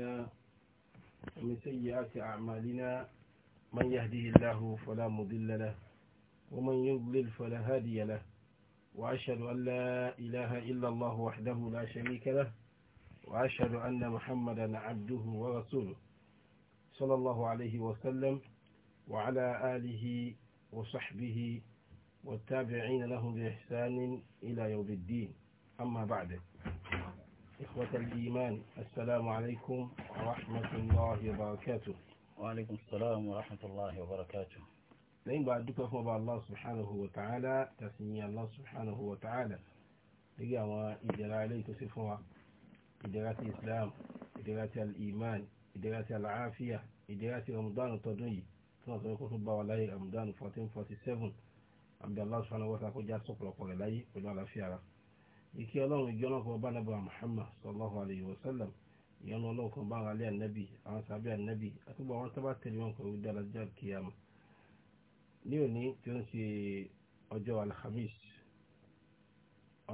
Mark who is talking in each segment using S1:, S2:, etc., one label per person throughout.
S1: ومن سيئات أعمالنا من يهده الله فلا مضل له ومن يضلل فلا هادي له وأشهد أن لا إله إلا الله وحده لا شريك له وأشهد أن محمدا عبده ورسوله صلى الله عليه وسلم وعلى آله وصحبه والتابعين لهم بإحسان إلى يوم الدين أما بعد إخوة الإيمان السلام عليكم ورحمة الله وبركاته وعليكم السلام ورحمة الله وبركاته لين بعد ذكر هو الله سبحانه وتعالى تسمية الله سبحانه وتعالى لقى ما إدراء عليه تصفها إدراء الإسلام إدراء الإيمان إدراء العافية إدراء رمضان التدوي ثم سيكون حبا والله رمضان 1447 عبد الله سبحانه وتعالى قد جاء سفر وقال لي قد على فيها ìkí ọlọ́run ìjọ́nà kan bá nàbà Muhammad sallallahu alayhi wa sallam ìyọnu ọlọ́run kan bá alẹ́ ànábì àwọn sábẹ́ ànábì àtúbọ̀ àwọn sábà tẹ̀lé wọn pẹ̀lú dára jẹ́ kíyàmù. ní òní tí ó ń ṣe ọjọ́ alhamis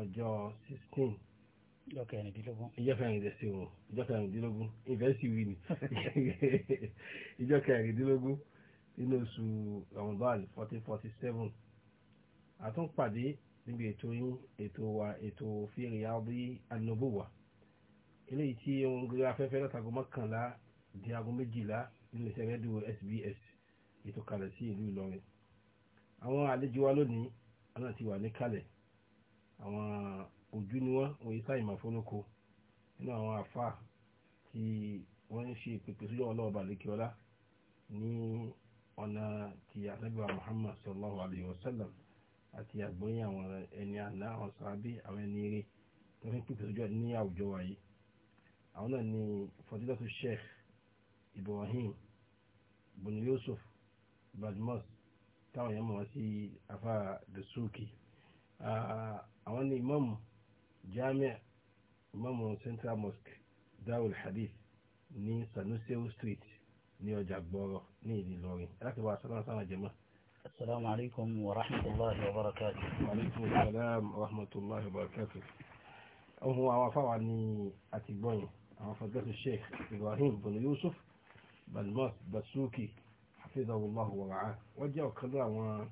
S1: ọjọ́ sixteen ìjọ kẹrìndínlógún ìjọ kẹrìndínlógún ìjọ kẹrìndínlógún ìfẹ́sì wí ni ìjọ kẹrìndínlógún nínú oṣù Ramadan fourteen forty seven àtúnpàdé níbi ètò yín ètò wa ètò fi Riyadi An-Nubuwah eléyìí tí ó ń gbé afẹ́fẹ́ látàgọ́ mọ́kànlá di aago méjìlá nínú iṣẹ́ SBS ètò kalẹ̀ sí ìlú Ìlọrin àwọn àlejò wa lónìí wọn náà ti wà ní kalẹ̀ àwọn ojú ni wọn òye sáyìn màfọlọ́kọ nínú àwọn àfa tí wọ́n ń ṣe ìpèpè sójú ọlọ́ọ̀bà lẹ́kẹ́ọ́lá ní ọ̀nà ti àtẹ́bíwá Muhammad sallallahu alayhi wa sallam àti àgbọ́yé àwọn ẹni àná àwọn sàábí àwọn ẹni eré tó fi ń pèpè sójú ní àwùjọ wa àwọn náà ni fọdílọ́tù sheikh ibrahim bùnú yusuf badmus táwọn èèyàn mọ̀ wọ́n sí afa dasuki àwọn ni imamu jamiu imamu central mosque darul hadith ní sanusiu street ní ọjà gbọrọ ní ìlú ìlọrin láti wá sọ́nà sáwọn jẹ́mọ́. السلام عليكم ورحمة الله وبركاته وعليكم السلام ورحمة الله وبركاته هو عوافا عني أتبوني عوافدة الشيخ إبراهيم بن يوسف بن مص بسوكي حفظه الله ورعاه وجاء كذا و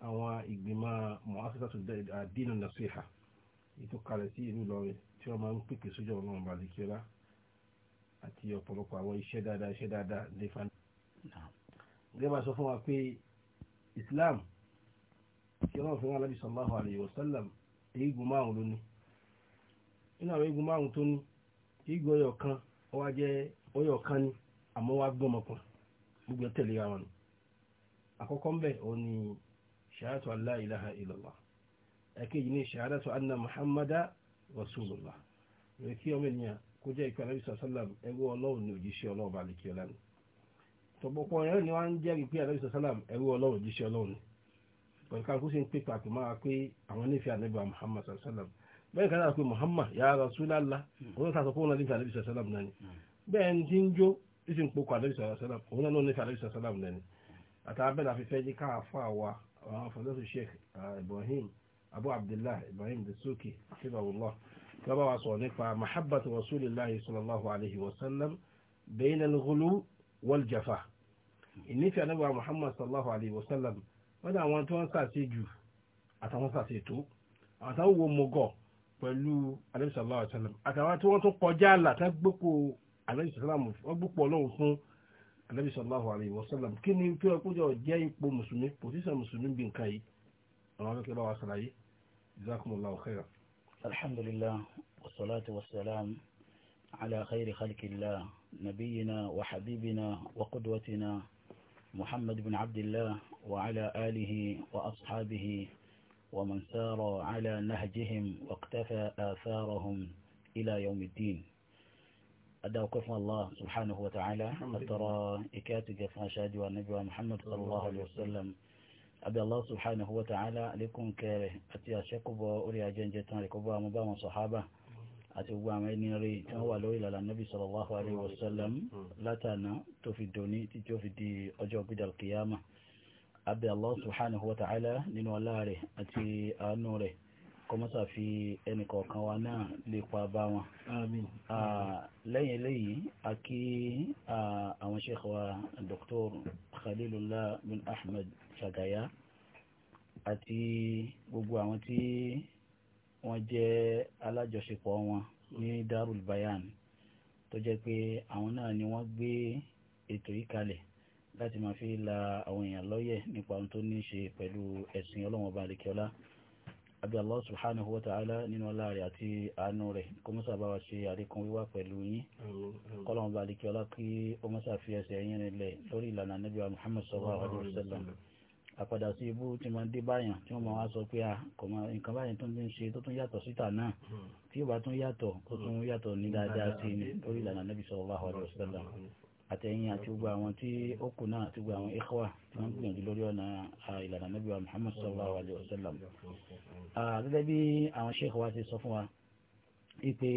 S1: àwọn ìgbìmọ̀ mu'assasatu ad-din an-nasiha ìtòkalẹ̀ sí ìlú Ìlọrin tí wọ́n máa ń pèpè sójú ọ̀nà ọ̀bàlẹ̀kẹ́lá àti ọ̀pọ̀lọpọ̀ àwọn iṣẹ́ dáadáa iṣẹ́ dáadáa lè fa gẹ́gẹ́ bá sọ fún wa pé islam kí ọlọ́run fún wa alábi sallallahu alayhi wa sallam eégún márùn ló ní nínú àwọn eégún márùn tó ní eégún ọyọ kan ọwá jẹ ọyọ kan ní àmọ́ wá gbọ́mọkàn gbogbo tẹ̀lé ara nù àkọ́kọ́ ń bẹ̀ òun ni shahadatu allah ilaha illallah ẹ̀kejì ní shahadatu anna muhammada rasulullah rẹ̀ kí ọmọ ènìyàn kó jẹ́ ìpè alábi sallallahu ẹgbẹ́ ọlọ́run ní òjíṣẹ́ ọlọ́run bá ọlá nù tọ̀pọ̀pọ̀ ẹ̀rọ ni wọ́n ń jẹ́rìí pé àlejò sálàm ẹ̀rú ọlọ́run jíṣẹ́ ọlọ́run ni pẹ̀lú káàkó sì ń pè pàtó máa pé àwọn nífẹ̀ẹ́ ànábì Muhammad sálàm bẹ́ẹ̀ kan náà pé Muhammad ya Rasulullah hmm. òun náà sọ pé òun náà nífẹ̀ẹ́ ànábì sálàm náà ni hmm. bẹ́ẹ̀ ń ti ń jó títí ń pokò ànábì sálàm òun náà nífẹ̀ẹ́ ànábì sálàm náà ni àtàbẹ́ẹ̀ náà fi fẹ́ jẹ́ káàfọ́ àwa àwọn fọlọ́sù Sheikh uh, Ibrahim Abu Abdullah Ibrahim Dasuki akíbàwùlọ́ kí wọ́n bá wa sọ̀rọ̀ nípa mahabbatu Rasulillah sallallahu alayhi wa sallam bayna al ìnífẹ̀ẹ́ anábà Muhammad sallallahu alayhi wa sallam wọ́n ní àwọn tí wọ́n sàṣe jù àtàwọn sàṣe tó àwọn táwọn wo mọ̀gọ̀ pẹ̀lú alayhi sallallahu alayhi wa sallam àtàwọn tí wọ́n tún kọjá àlà tá gbópo alayhi sallam wọ́n gbópo ọlọ́run fún alayhi sallallahu alayhi wa sallam kí ni kí wọ́n kójọ jẹ́ ipò mùsùlùmí pòsíṣàn mùsùlùmí bí nǹkan yìí àwọn akẹ́kẹ́ bá wa sàlàyé jazakumullahu khairan. alhamdulillah
S2: wa habibina wa محمد بن عبد الله وعلى آله وأصحابه ومن سار على نهجهم واقتفى آثارهم إلى يوم الدين أدعو كفر الله سبحانه وتعالى أترى إكاتك فأشهد والنبي محمد صلى الله عليه وسلم أبي الله سبحانه وتعالى لكم كاره أتيا شكبا أولي أجنجتان لكبا مباما صحابه àti gbogbo àwọn ẹni rí tí wọ́n wà lórí ìlànà nàbì sallallahu alaihi wasallam hmm. látànà tó fi dòní tí tí ó fi di ọjọ́ gbídà kìyàmà abẹ́ Allah subhanahu wa ta'ala nínú ọlá rẹ̀ àti àánú rẹ̀ kọmọ́sà fi ẹnì kọ̀ọ̀kan wa náà lè pa bá wọn. lẹ́yìn eléyìí a kí àwọn sheikh wa Dr. Khalilullah bin Ahmed Shagaya àti gbogbo àwọn tí wọ́n jẹ́ alájọṣepọ̀ wọn ní Darul Bayan tó jẹ́ pé àwọn náà ni wọ́n gbé ètò yìí kalẹ̀ láti máa fi la àwọn èèyàn lọ́yẹ̀ nípa ohun tó ní í ṣe pẹ̀lú ẹ̀sìn ọlọ́wọ́n ọba àlekíọ́lá àbí Allah subhanahu wa ta'ala nínú ọlá rẹ̀ àti àánú rẹ̀ kó mọ́sà bá wa ṣe àríkún wíwá pẹ̀lú yín kọ́lọ́wọ́n ọba àlekíọ́lá kí ó mọ́sà fi ẹsẹ̀ yín rinlẹ̀ lórí ìlànà Ànábì wa Muhammad sallallahu alaihi wasallam àpàdà sí ibú tí wọ́n dé báyàn tí wọ́n máa wá sọ pé ah, nǹkan báyìí tó ń ṣe tó tún yàtọ̀ síta náà hmm. tí ó bá tún yàtọ̀ tó tún hmm. yàtọ̀ ní dáadáa sí i hmm. lórí ìlànà Nabi sallallahu alaihi wasallam àtẹ̀yìn àti gbogbo àwọn tí ó kù náà àti gbogbo àwọn ikhwa tí wọ́n gbìyànjú lórí ọ̀nà ìlànà Nabi wa Muhammad sallallahu alaihi wasallam. gẹ́gẹ́ bí àwọn sheikh wa ti sọ fún wa wípé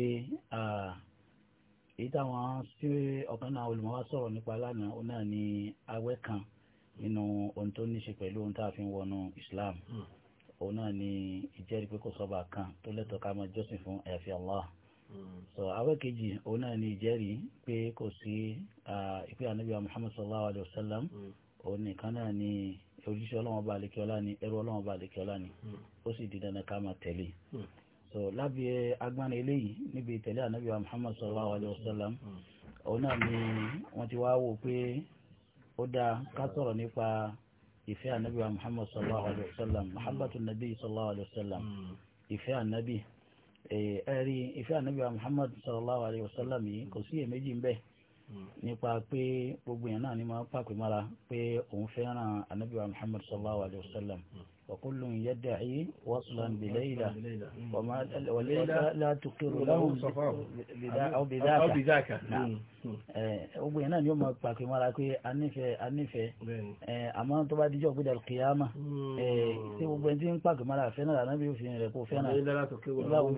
S2: èyí táwọn sí ọ̀kan náà olùmọ̀wá sọ̀rọ̀ nípa lánàá ó náà ní awẹ́ kan nínú ohun tó ní ṣe pẹ̀lú ohun tá a fi ń wọnú Islam hmm. òun náà ni ìjẹ́rìí pé kò sọ́ba kan tó lẹ́tọ̀ọ́ ká máa jọ́sìn fún àyàfi Allah hmm. so awẹ́ kejì òun náà ni ìjẹ́rìí pé kò sí ìpè ànábì Muhammad sallallahu alayhi wa sallam hmm. òun nìkan náà ni òjíṣẹ́ ọlọ́wọ́n bá alẹ́ kí ọlá ni ẹrú ọlọ́wọ́n bá alẹ́ kí ọlá ni ó sì di dandan ká máa tẹ̀lé so lábẹ́ agbára eléyìí níbi ìtẹ̀lé ànábì Muhammad sallallahu alayhi wa sallam òun náà ni wọ́n ti wá wò pé ó dáa ká sọ̀rọ̀ nípa ìfẹ́ ànábì wa muhammad sallallahu alayhi wa sallam muhammadu nabi sallallahu alayhi wa sallam hmm. ìfẹ́ ànábì ẹ̀rí ìfẹ́ ànábì wa muhammad sallallahu alayhi wa sallam yìí kò sí èméjì ń bẹ́ẹ̀ nípa pé gbogbo yẹn náà ni máa pàpè mára pé òun fẹ́ràn anabi wa muhammad sallallahu alayhi wa sallam وكل يدعي وصلا بليلى وليلى لا تقر لهم أو بذاك نعم ogun yẹn náà ni ó máa pàpè mọ́ra pé a nífẹ̀ẹ́ a nífẹ̀ẹ́ àmọ́ tó bá díjọ́ gbé dàrú kìyàmá hmm. tí gbogbo ẹni tí ń pàpè mọ́ra fẹ́ràn rà náà bí òfin rẹ̀ kó fẹ́ràn bíláwó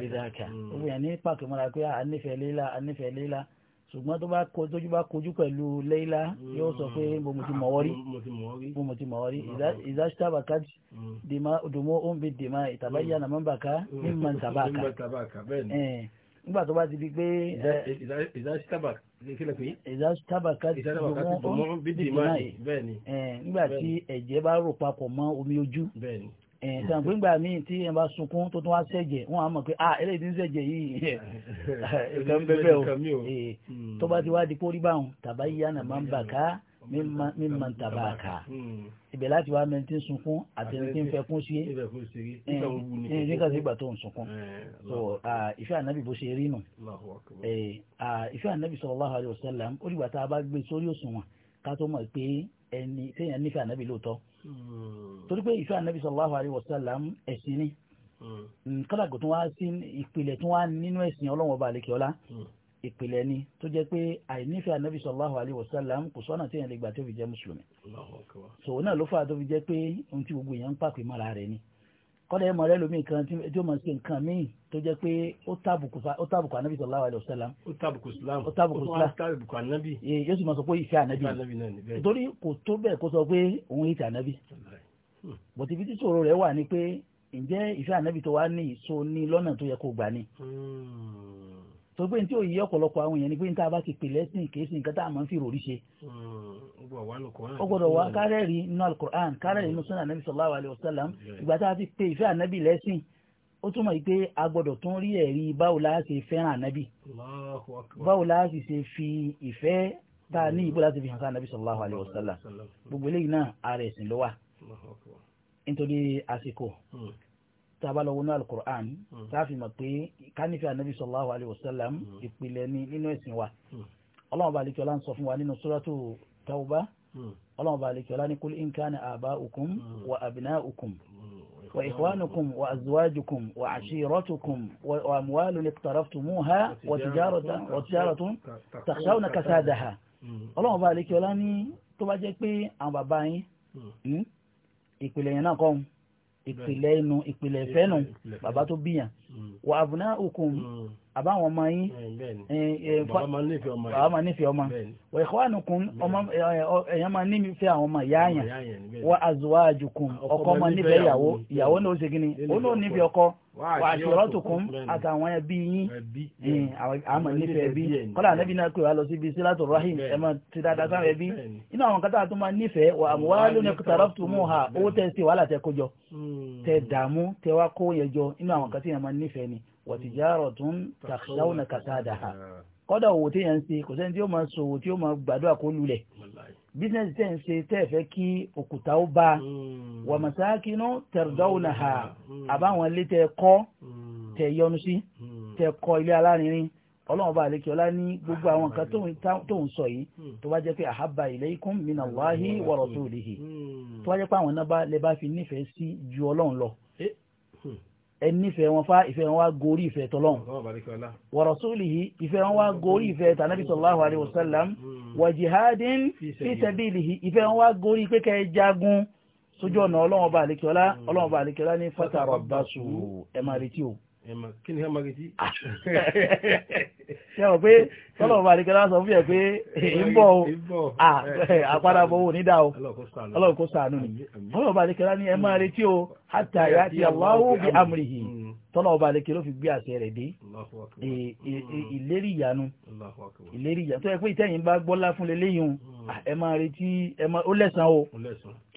S2: bíláàkà ogun yẹn ní pàpè mọ́ra pé a nífẹ̀ẹ́ lílá a nífẹ̀ẹ́ lílá ṣùgbọ́n tó bá tójú bá kojú pẹ̀lú leila yóò sọ pé mo mm. mo ti mọ̀wọ́ rí mo mo ti mọ̀wọ́ rí ìdáṣítà bàkájì dùmọ́ ó ń bi dèmà ìtàbáyà mm. nàmọ́ bàká ní mm. mọ̀ntàbàkà nígbà tó bá ti di pé.
S1: ìdáṣítà bàkà
S2: ìdáṣítàbàkà dùmọ́ ó ń bi tí ẹ̀jẹ̀ bá rò papọ̀ mọ́ omi ojú ẹ̀ẹ́dàn eh, pé ńgbà míì tí ẹ bá sunkún tó tún wá ṣẹ̀jẹ̀ wọ́n á mọ̀ pé ah eléyìí ti ń ṣẹ̀jẹ̀ yìí eh, nǹkan bẹ́bẹ̀ o eh, tó bá ti wá di pórí báwọn tàbá yíyá nà máa ń bà ká mí máa ń tàbá ká hmm. ibẹ̀ láti wá mẹ́ni tí ń sunkún àti ẹni tí ń fẹ́ kún sí é ní ká sí ìgbà tó ń sunkún so ah, ìfẹ́ ànábì bó ṣe rí nù ah, ìfẹ́ ànábì sallallahu alaihi wasallam ó dìgbà tá a bá gbé sórí òṣùwọ̀n ká tó mọ̀ torí pé ìfẹ́ anabi sallallahu alayhi wa sallam ẹ̀sìn ni
S3: hmm.
S2: kọ́dà kò tún wá sí ìpìlẹ̀ tún wá nínú ẹ̀sìn ọlọ́run ọba àlekè ọlá hmm. ìpìlẹ̀ ni tó jẹ́ pé àìnífẹ̀ẹ́ anabi sallallahu alayhi wa sallam kò sọ́nà tí èèyàn lè gbà tó fi jẹ́ mùsùlùmí. so náà ló fà á tó fi jẹ́ pé ohun tí gbogbo èèyàn ń pàpè mọ́ra rẹ̀ ni kọ́dà ẹ̀mọ́ rẹ lómi kan tí ó mọ̀ sí nǹkan míì tó jẹ́ pé ó tàbùkù anábì sallallahu alaihi wasallam.
S1: ó tàbùkù islam ó tàbùkù anábì. yóò sì máa sọ pé ìfẹ́ anábì
S2: torí kò tó bẹ́ẹ̀ kó sọ pé òun ìtẹ̀ anábì. bọ̀tí ibi tí sòro rẹ̀ wà ni pé ǹjẹ́ ìfẹ́ anábì tó wá ní ìsọ ní lọ́nà tó yẹ kó gbà ni. Hmm tó pé ní tí ò yí ọ̀pọ̀lọpọ̀ àwọn èèyàn ni pé ní tá a bá ti pè lẹ́sìn kì í sí nǹkan tá a máa ń fi ròrí ṣe.
S3: Hmm, ó gbọ́dọ̀ wá hmm.
S2: kárẹ́rì nínú alukur'an kárẹ́rì nínú sunnah anabi sallallahu alayhi wa sallam ìgbà tá a ti pè ìfẹ́ anabi lẹ́sìn ó túmọ̀ yìí pé a gbọ́dọ̀ tún rí ẹ̀rí báwo la ṣe fẹ́ràn anabi báwo la ṣe ṣe fi ìfẹ́ tá a ní ìbò hmm. láti fi hàn sí anabi sallallahu alayhi wa sallam gbogbo eléyìí náà ara ẹ̀sìn ló nítorí àsìkò tába lọ wọnú alukur'an hmm. táàfì mọ̀ pé kánífẹ́ anabi sallallahu alayhi wa sallam hmm. ìpìlẹ̀ ni nínú ẹ̀sìn wa hmm. ọlọ́run bá alekiola ń sọ fún wa nínú suratu tawba ọlọ́run bá alekiola ní kul in kana aba'ukum wa abna'ukum wa ikhwanukum wa azwajukum wa ashiratukum wa amwalun iqtaraftumuha wa tijaratun
S3: takhshawna kasadaha
S2: ọlọ́run bá alekiola ní tó bá jẹ́ pé àwọn bàbá yín ìpìlẹ̀ yẹn náà kọ́ ìpìlẹ̀ inú ìpìlẹ̀ ìfẹ́ nù bàbá tó bíyàn Mm. wà àbùnà òkun mm. àbáwọn ọmọ yín eh, eh, eh, bàbá máa nífẹ̀ẹ́ ọmọ wà ikhwanukum ẹ̀yàn máa nífẹ̀ẹ́ àwọn ọmọ ìyá àyàn wà azwajukum ọkọ máa nífẹ̀ẹ́ ìyàwó ìyàwó náà ó ṣe kíni ó náà nífẹ̀ẹ́ ọkọ wà àṣìrọ́tùkún àtàwọn ẹbí yín àmọ̀ nífẹ̀ẹ́ ẹbí kọ́lá àlẹ́bí náà pè wá síbi sílátù rahim ẹ̀mọ ti dáadáa sáwọn ẹbí inú àwọn kan tó máa nífẹ̀ẹ́ wà àmọ́ wá lónìí tàràtùmù ha owó tẹ̀ sí wàhálà tẹ kó jọ hmm. tẹ dààmú tẹ wá nífẹ̀ẹ́ ni wọ̀tíjàrọ̀ tún tàkìláwọ̀nà kàtàdà ha kọ́dà owó tí yẹn ń ṣe kò sẹ́ni tí ó máa sòwò tí ó máa gbàdúrà kó lulẹ̀ bísíǹsì tẹ̀ ń ṣe tẹ́ fẹ́ kí òkúta ó bá hmm. wà màsáàkínú tẹ̀rọ̀dáwọ̀nà ha hmm. àbáwọn ilé tẹ kọ́ hmm. tẹ yọnu sí tẹ kọ́ ilé alárinrin ọlọ́run bá àlekí ọlá ní gbogbo àwọn nǹkan tóun sọ yìí tó bá jẹ́ pé àhábà ilaykum minallahi wa rasulihi tó bá jẹ́ pé àwọn náà lè bá fi nífẹ̀ẹ́ sí ju ọlọ́run lọ ẹnífẹ̀ẹ́ wọn fá ìfẹ́ wọn wá gorí ìfẹ́ tọ́lọ́n wa rasulihi ìfẹ́ wọn wá gorí ìfẹ́ tànàbí sallallahu alaihi wasallam mm. wa jihadin fi sabilihi ìfẹ́ wọn wá gorí pẹ́kẹ́ jagun sójú ọ̀nà ọlọ́wọ́n bá àlekíọ́lá mm. ọlọ́wọ́n bá àlekíọ́lá ní fatarabbasu
S1: ẹ̀ máa retí kí ni hẹ́mọ́gì tí. ṣé o pé sọ́lọ́ ọba àdìgẹ́lá sọ fún yẹ pé ń bọ̀ o àpárá bọ̀wọ̀ nídà o ọlọ́run
S2: kò sànù ni sọ́lọ́ ọba àdìgẹ́lá ni ẹ máa retí o hatta ya'ti Allahu bi amrihi mm. tọ́lọ́ ọba àdìgẹ́ ló fi gbé àṣẹ rẹ̀ dé ìlérí ìyanu ìlérí ìyanu tó yẹ pé ìtẹ̀yìn bá gbọ́lá fún lélẹ́yìn mm. ẹ máa retí ó lẹ́sàn-án o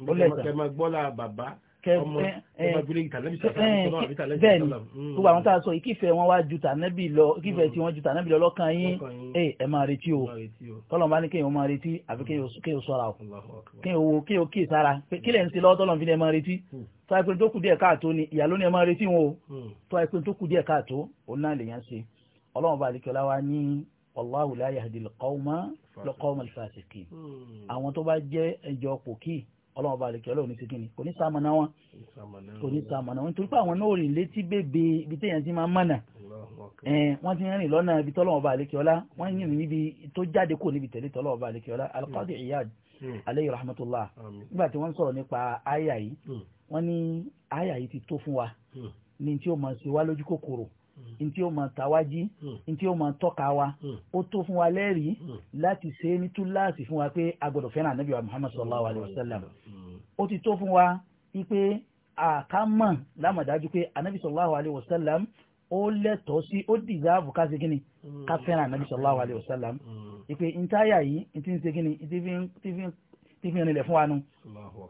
S1: ó lẹ́sàn-án. ẹ máa gbọ́lá bàbá bẹ́ẹ̀ni hmm. gbogbo àwọn
S2: tá a sọ ìkífẹ́ wọn wá ju tànẹ́bì lọ ìkífẹ́ hmm. tí wọ́n ju tànẹ́bì lọ lọ́kàn yín ẹ ẹ máa retí o tọ́lọ́mù bá ní kéèyàn máa retí àfi kéèyàn sọ́ra o kéèyàn wo kéèyàn kíì sára kí lẹ́yìn sí lọ́wọ́ tọ́lọ́mù fi ní ẹ máa retí hmm. tó àìpé tó kù díẹ̀ káàtó ni ìyá ló ní ẹ máa retí wọn o tó àìpé tó kù díẹ̀ káàtó òun náà lèèyàn ṣe ọlọ́run bá àlekẹ́lá wa ní wallahu la yahdi al-qawma al-qawma al-fasiqin àwọn tó bá jẹ́ ẹjọ́ pòkì ọlọ́run bá lè kí ọlọ́run ní sikini kò ní sàmọ̀nà wọn kò ní sàmọ̀nà wọn nítorí pé àwọn náà rìn létí bèbè ibi téèyàn ti máa mọ̀nà wọ́n ti rìn lọ́nà ibi tọ́lọ́run bá ọlá wọ́n yìn níbi tó jáde kó níbi tẹ̀lé tọ́lọ́run bá ọlá alqadi iyad hmm. hmm. aleyhi rahmatullah nígbà tí wọ́n sọ̀rọ̀ nípa àyà yìí hmm. wọ́n ní àyà yìí ti tó fún wa ní tí ó máa ṣe wá lójú kòkòrò ntí ó máa tàwájí hmm. ntí ó máa tọ́ka wa hmm. ó tó fún wa lẹ́rìí hmm. láti ṣe ní túláàsì fún wa pé a gbọ́dọ̀ fẹ́ràn ànábì wa muhammad sallallahu alayhi wa sallam ó ti tó fún wa wípé àkámọ̀ lámọ̀dájú pé ànábì sallallahu alayhi wa sallam ó lẹ́tọ̀ọ́ sí ó dìgáàbù ká ṣe kí ni ká fẹ́ràn ànábì sallallahu alayhi wa sallam ìpè ntáyà yìí ntí ń ṣe ni ti fi ń tí fi rinlẹ̀ wa nu.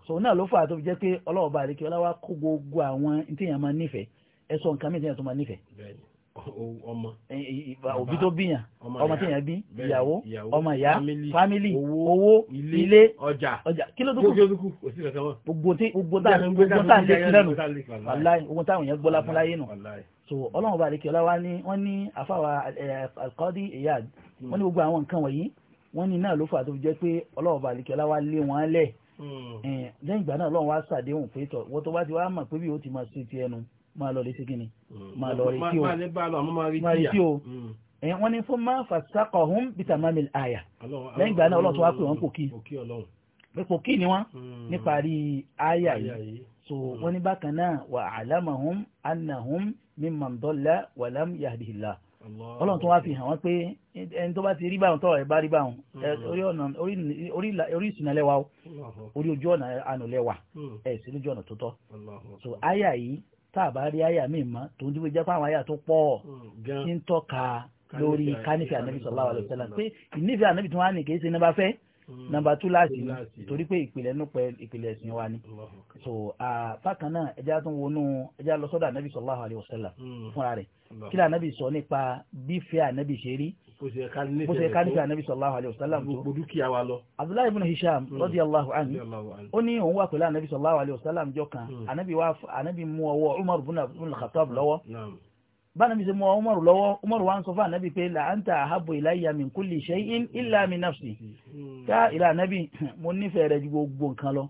S2: so náà ló fà á tó fi jẹ́ pé ọlọ́ọ̀bá àdékè ọláwá kó gbogbo àwọn tí èèyàn máa nífẹ̀ẹ́ ẹ sọ nǹkan mìíràn tó máa nífẹ̀ẹ́
S1: ọmọ òbí tó bíyàn ọmọ tí yàn bí ìyàwó ọmọ ìyá
S2: fámílì owó ilé ọjà kí ló dúkù gbogbo tí gbogbo tá à ń lé sí lẹ́nu wàláì ogun táwọn èèyàn gbọ́lá fún láyé nù so ọlọ́run bá àdékè ọlá wa ní wọ́n ní àfàwà alqadi Iyad wọ́n ní gbogbo àwọn nǹkan wọ̀nyí wọ́n ní náà ló fà tó jẹ́ pé ọlọ́run bá àdékè ọlá wa lé wọn lẹ̀ hmm. lẹ́yìn ìgbà náà ọlọ́run wá ṣàdéhùn pé tọ̀ wọ́n tó bá ti wá mọ̀ pé bí ó ti máa ṣe ti ẹnu máa lọ rí sí kíni
S1: mm. máa lọ rí sí o máa rí sí o mm.
S2: ẹ̀yìn wọ́n ní fún máa fàṣàkọ̀ hún bíta mamil aya lẹ́yìn ìgbà náà ọlọ́tún wá pè wọ́n kò kí pípò kí ni wọ́n mm. níparí aya yìí so wọ́n ní bákan náà wà alamahum annahum mimman dalla walam yahdihillah ọlọ́run tó wá fi hàn wọ́n pé ẹni tó bá ti rí báwọn tọ́rọ̀ ẹ̀ bá rí báwọn orí ìsìnà lẹ́wà orí ojú ọ̀nà ànú lẹ́wà ẹ̀ sí lójú ọ̀nà tó tọ́ so aya yìí tá a bá rí àyà mi mọ́ tó ń dúpẹ́ jẹ́ pé àwọn àyà tó pọ̀ mm, ti ń tọ́ka lórí kánífẹ̀ ànábì sallallahu alaihi wasallam pé ìnífẹ̀ ànábì tí wọ́n á nì kéé ṣe ní bá fẹ́ mm. nàmbà tú láti ní torí pé ìpìlẹ̀ nù pẹ̀ ìpìlẹ̀ ẹ̀sìn wa ni so bákan náà ẹja tó ń wọnú ẹja lọ sọ́dọ̀ ànábì sallallahu alaihi wasallam mm. fúnra rẹ̀ kí lànàbì sọ nípa bífẹ́ ànábì ṣe rí
S1: bó ṣe ká níta anabi
S2: sallallahu alayhi wa sallam tó dúkìá wa lọ. abdullahi ibn hisham hmm. radiyallahu anhu ó ní òun wà pẹ̀lú anabi sallallahu alayhi wa sallam jọ kan hmm. anabi mú ọwọ́ umar ibn khattab lọ́wọ́ bánàbí ṣe mú ọ umaru lọ́wọ́ umaru wa ń sọ fún ànábì pé làǹtà àhábò ìláyà min kulli shay'in illa min nafsi
S3: hmm. ká
S2: ìlà ànábì mo nífẹ̀ẹ́ rẹ̀ ju gbogbo nǹkan lọ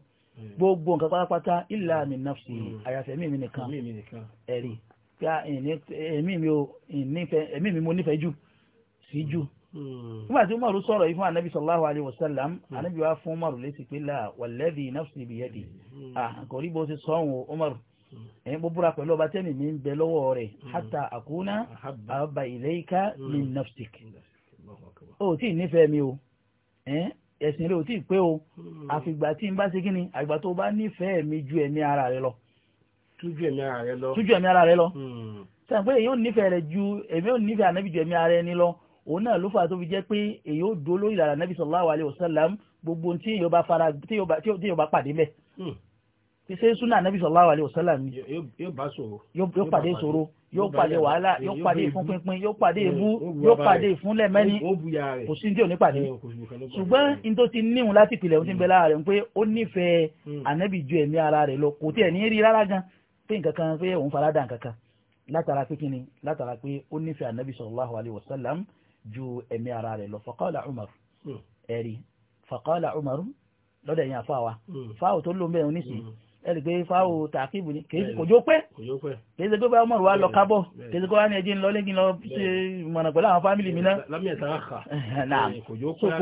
S2: gbogbo nǹkan pátápátá illa min nafsi àyàfẹ́ mímí nìkan ẹ̀rí ká ẹ̀mí mi mo nífẹ̀ẹ́ jù sí jù hmm. nígbà tí umaru sọ̀rọ̀ yìí fún anabi sallallahu alayhi wa sallam anabi hmm. wa fún umaru létí pé la walladhi nafsi biyadi hmm. ah, kò rí bó ṣe sọ̀hún umaru ẹ̀yin bó búra pẹ̀lú ọba tẹ́mi mi ń bẹ lọ́wọ́ rẹ̀ hatta akuna abba ilayka min nafsik o tí ì nífẹ̀ẹ́ mi o ẹ̀sìn rẹ̀ o tí ì pé o àfìgbà tí n bá ṣe kíni àgbà tó bá nífẹ̀ẹ́ mi ju ẹ̀mí ara rẹ lọ. tújú ẹ̀mí ara rẹ lọ. tújú ẹ̀mí ara rẹ lọ. sẹ́yìn pé èyí ò nífẹ̀ẹ́ rẹ ju èmi ò nífẹ̀ẹ́ ànábì ju ẹ̀mí ara ẹni lọ òun náà ló fà tó fi jẹ́ pé èyí ó dúró lórí ìlànà nàbì sallallahu alaihi wasallam gbogbo tí èyí ó bá fara tí èyí ó bá pàdé mẹ́ ti hmm. ṣe súnà nàbì sallallahu alaihi wasallam ni
S1: yóò
S2: pàdé ìṣòro yóò pàdé wàhálà yóò pàdé ìfúnpínpín yóò pàdé ìbú yóò pàdé ìfúnlẹ̀mẹ́ni kò sí tí ò ní pàdé ṣùgbọ́n in tó ti níhun láti pìlẹ̀ ohun tí ń bẹ hmm. lára rẹ̀ pé ó nífẹ̀ẹ́ hmm. ànábì ju ẹ̀mí ara rẹ̀ lọ kò tiẹ̀ ní rí rárá gan pé nǹkan kan pé òun farada nǹkan kan látara pé kíni látara pé ó nífẹ̀ẹ́ ànábì sallallahu alaihi wasallam ju ẹ̀mí ara rẹ̀ lọ faqala Umar hmm. ẹ̀rí faqala Umar lọ́dọ̀ ẹ̀yìn àfa wa hmm. fáwọ̀ tó ló ń bẹ̀rù nísìnyí hmm. ẹ̀rí pé fáwọ̀ tàkìbù ni kèéjì kò jó pé kèéjì pé bá Umar wa lọ kábọ̀ kèéjì kó wá ní ẹjẹ́ ńlọ lẹ́gìn lọ ṣe mọ̀nà pẹ̀lú àwọn fámìlì mi náà eh, kò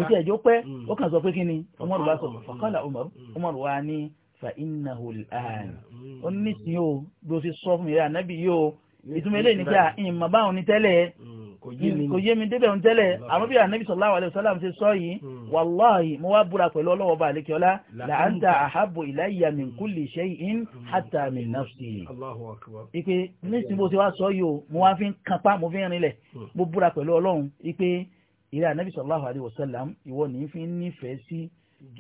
S2: tiẹ̀ pé ó kàn sọ pé kí ni Umar wa sọ faqala Umar Umar wa ní fa innahu al-an ó ìtumọ̀ eléyìí ni pé ìmọ̀ báwọn ní tẹ́lẹ̀ hmm, kò yé mi débẹ̀ ń tẹ́lẹ̀ hmm, àmọ́ bí ànábì sallallahu alaihi wasallam ṣe sọ yìí hmm. wàláhì mo wá búra pẹ̀lú ọlọ́wọ́ bá àlékè ọlá la anta ahabbu ilayya min kulli shay'in hatta min nafsi. ìpè nísìnyí bó ṣe wá sọ yìí o mo wá fi ń kanpá mo fi ń rinlẹ̀ mo búra pẹ̀lú ọlọ́run ìpè ìrẹ́ ànábì sallallahu alaihi wasallam ìwọ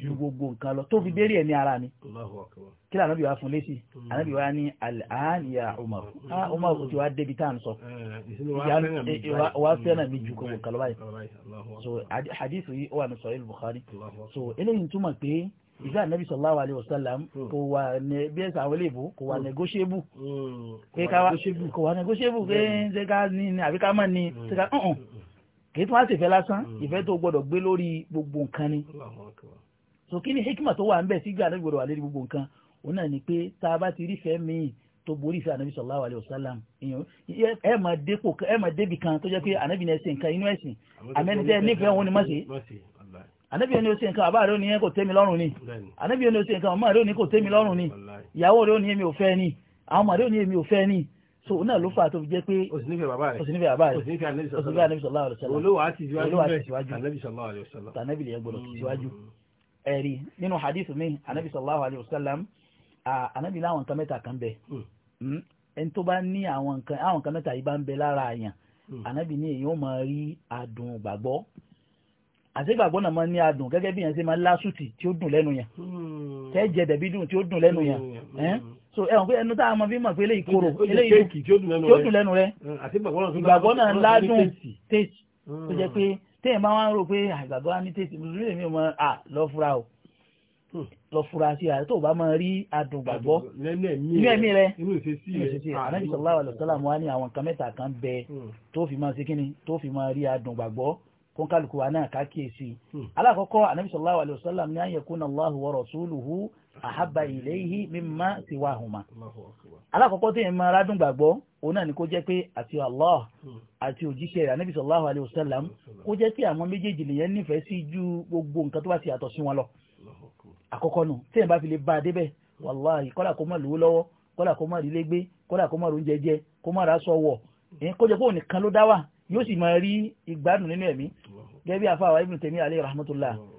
S2: ju gbogbo nǹkan lọ tó fi dérí ẹ̀mí ara mi kí lànà bí wàá fún lésì mm. àná bí wàá ní àníyà Umar mm. ah Umar kò tí wàá débi tá à ń sọ
S1: eh,
S2: wàá fẹ́ràn mi eh, mm, ju gbogbo nǹkan lọ báyìí so hadith yìí ó wà ní sahih Bukhari so eléyìí túmọ̀ pé ìfẹ́ ànábì sallallahu alaihi wasallam kò wà ní bí ẹ̀sà àwọn eléèbó kò wà negotiable pé ká wà kò wà pé ṣé ká ní ni àbí ká mọ̀ ni ṣé ká uh-uh. kì í tún wá ṣèfẹ́ lásán ìfẹ́ tó gbọ́dọ̀ gbé lórí gbogbo nǹkan ni so kí ni hikima tó wà ń bẹ̀ sígbà náà gbọdọ̀ wà lérí gbogbo nǹkan òun náà ni pé tá a bá ti rí fẹ́ míì tó borí fẹ́ anabi sallallahu alayhi wa ẹ máa débi kan tó jẹ́ pé anabi náà ṣe nǹkan inú ẹ̀sìn àmẹ́nidẹ́ nífẹ̀ẹ́ òun ni má ṣe anabi ẹni ó ṣe nǹkan àbá rẹ ó yẹn kò tẹ́ mi lọ́rùn ni anabi ẹni ó ṣe nǹkan ọmọ rẹ ó kò tẹ́ mi lọ́rùn ni ìyàwó rẹ ó èmi ò fẹ́ ni àwọn ọmọ rẹ ó èmi ò fẹ́ ni so náà ló fà tó fi jẹ́ pé òsínfẹ́ bàbá rẹ̀ òsínfẹ́ anabi sallallahu alayhi wa olówó àti síwájú anabi sallallahu alayhi wa sallam tànàbì gbọdọ̀ síwájú hmm ẹ̀rí nínú hadith mi anabi sallallahu alayhi wa sallam anabi láwọn nǹkan mẹ́ta kan bẹ ẹni tó bá ní àwọn nǹkan àwọn nǹkan mẹ́ta yìí bá ń bẹ lára àyàn anabi ní èyí ó máa rí adùn gbàgbọ́ àti gbàgbọ́ náà máa ní adùn gẹ́gẹ́ bí yẹn ṣe máa lásùtì tí ó dùn lẹ́nu yẹn tẹ́ jẹ dẹ̀bí dùn tí ó dùn lẹ́nu yẹn so ẹ pé ẹnu tá a máa fi mọ̀ pé eléyìí korò eléyìí tí ó dùn lẹ́nu rẹ
S1: ìgbàgbọ́ náà ládùn
S2: tèèsì tó jẹ́ pé téèyàn bá wọn rò pé àgbàgbọ́ ah, á ní tètè lórí èmi ò mọ à ah, lọ fura o hmm. lọ fura sí ààrẹ tó o bá máa rí adùn gbàgbọ́ nínú ẹ̀mí rẹ nínú ìṣesí rẹ ah, ànábì sallallahu alaihi wasallam wá ní àwọn kan mẹ́ta kan bẹ hmm. tó fi máa ṣe kíni tó fi máa rí adùn kónkálukú wa náà ká kíyèsí hmm. alákọ̀ọ́kọ́ ànábì sallallahu alaihi wasallam ní an yakuna Allahu wa rasuluhu àhábà ilayhi mimma siwahuma. alákọ̀ọ́kọ́ tí èèyàn máa rádùn gbàgbọ́ òun náà ni kó jẹ́ pé àti Allah hmm. àti òjíṣẹ́ rẹ̀ anábì sallallahu alayhi wa sallam hmm. kó jẹ́ pé àwọn méjèèjì nìyẹn nífẹ̀ẹ́ sí ju gbogbo nǹkan tó bá ti yàtọ̀ sí wọn lọ. àkọ́kọ́ nù tí èèyàn bá fi lè bá a débẹ̀ wàláhì kọ́lá kó má lówó lọ́wọ́ kọ́lá kó má rílé gbé kọ́lá kó má róúnjẹ jẹ kó má ràásọ wọ̀ kó jẹ́ pé òun nìkan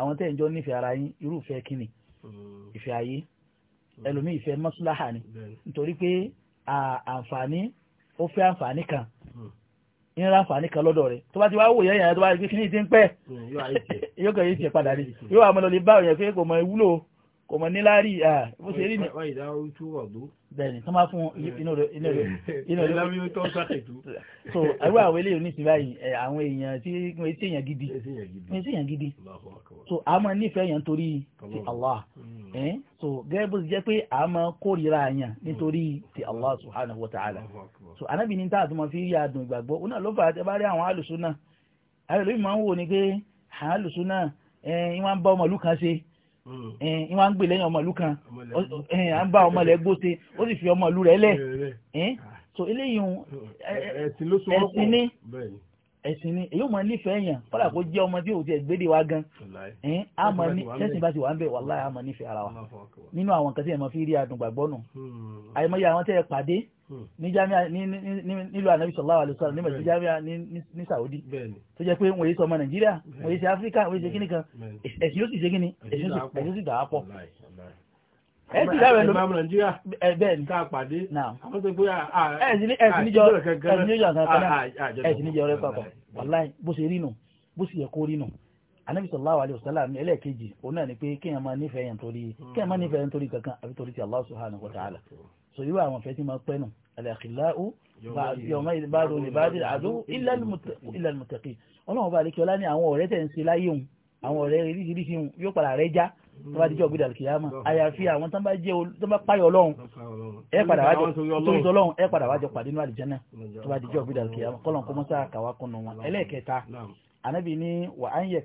S2: àwọn tẹ́ ń jọ nífẹ̀ẹ́ ara yín irúfẹ́ kíni mm. ìfẹ́ ayé mm. ẹlòmíì ìfẹ́ mọ́sálàhà ni nítorí pé àǹfààní ó fẹ́ àǹfààní kan ìnira mm. àǹfààní kan lọ́dọ̀ rẹ̀ tó bá ti wá wò yẹn yẹn tó bá rí pé kíní ti ń pẹ́ yóò kàn yín tiẹ̀ padà rí yóò àmọ́ lọ lè bá òyìn pé kò mọ ìwúlò kò mọ̀ níláàrí bó ṣe rí ni.
S1: ìdá orí tó wà ló.
S2: bẹ́ẹ̀ni tó máa fún eh, inú rẹ inú rẹ eh, inú rẹ. ìlànà yóò tọ́ so àrùn àwọn eléyìí ní ìsìn báyìí eh, àwọn èèyàn tí wọ́n ti èèyàn gidi wọ́n ti èèyàn gidi so a máa nífẹ̀ẹ́ yẹn nítorí ti Allah hmm. so gẹ́gẹ́ bó ṣe jẹ́ pé a máa kórìíra yẹn hmm. nítorí ti Allah subhanahu wa ta'ala so anábì ní táàtú máa fi rí adùn ìgbàgbọ́ òun náà ló fà á tẹ bá rí àwọn alùsùn náà alùsùn náà ń wá ń gbè lẹ́yìn ọmọ ìlú kan à ń bá ọmọ rẹ̀ gbóṣe ó sì fi ọmọ ìlú rẹ̀ lẹ̀ so eléyìí ẹ̀sìn ní ẹ̀sìn ni èyí ò mọ nífẹ̀ẹ́ yàn kọ́lá kó jẹ́ ọmọ tí ò ti ẹ̀gbẹ́dẹ̀ wa gan
S3: ẹ̀ẹ́n àmọ́ ní sẹ́sìn bá
S2: ti wà ń bẹ̀ wàláhì àmọ́ nífẹ̀ẹ́ ara wa nínú àwọn nǹkan tí ẹ̀ mọ́ fi rí adùn gbàgbọ́ nù
S3: hmm.
S2: àìmọye àwọn tẹ́ ẹ pàdé ní jamiya ní ní nílùú anabi sallallahu alayhi wa sallam ní mẹsì jamiya ní ní saudi tó jẹ pé wọ́n yé sọmọ nàìjíríà wọ́n yé sí áfíríkà wọ́n yé sí kíni kan ẹ̀sìn yóò sì ṣe kíni ẹ̀sìn yóò sì dà á pọ̀. ẹ ti dáwẹ ló ni ká pàdé àwọn tó gbé
S1: ẹ̀sìn níjọ ẹ̀sìn níjọ kankan náà ẹ̀sìn níjọ rẹ papọ̀ wàláì
S2: bó ṣe rí nù bó yẹ kó rí nù anabi òun náà ni pé kéèyàn máa yẹn torí kéèyàn máa so irú àwọn fẹ́ tí máa pẹ́ nù al-akhillau yawma'idhin ba'duhum li ba'din aduwwun illa al-muttaqin ọlọ́run bá àdékẹ́ ọlá ní àwọn ọ̀rẹ́ tẹ̀ ń ṣe láyé òun àwọn ọ̀rẹ́ oríṣiríṣi yóò padà rẹ́ já tó bá dijọ́ gbéra kìyàmá àyàfi àwọn tó bá jẹ́ tó bá páyọ̀ ọlọ́run
S3: ẹ padà wájọ torí ọlọ́run
S2: ẹ padà wájọ pàdé nínú àlìjánná tó bá dijọ́ gbéra kìyàmá kọ́lọ́n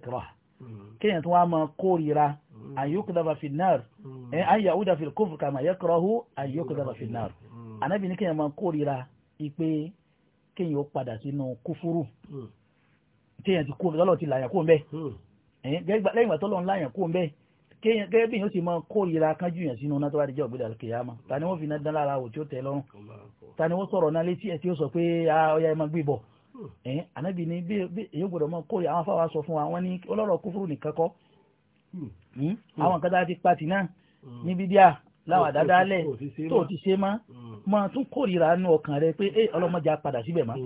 S2: kó Mm-hmm. kéèyàn tó wá máa kórìíra àyókùdàbà fìnnáàr ẹ àyàwúdà fìlkófù kàmà yẹkọrọhù àyókùdàbà fìnnáàr ànábì ní kéèyàn máa kórìíra ipe kéèyàn ó padà sínú kúfúrú mm-hmm. kéèyàn ti kó lọ́lọ́ ti làyàn kó ń bẹ́ lẹ́yìn ìgbà tó lọ́n láyàn kó ń bẹ́ gẹ́gẹ́ bí yóò ti máa kórìíra kánjú yàn sínú náà tó bá di jẹ́ ògbé dàlùkè yá ma ta ni wọ́n fi náà dán lára òjò tẹ̀ lọ́rùn ta wọ́n sọ̀rọ̀ ẹ̀yìn be ni bí èyí gbọ́dọ̀ mọ́ kórè àwọn afáwà sọ fún wa wọ́n ní ọlọ́rọ̀ kúfúrú nìkan kọ́ hmm. Hmm? Hmm. àwọn nǹkan a ti pati tì náà ní bídíà láwà dáadáa lẹ̀ tó ti ṣe mọ́ mọ́ tún kórìíra nù ọkàn rẹ pé ẹ ọlọ́mọdé padà síbẹ̀ mọ́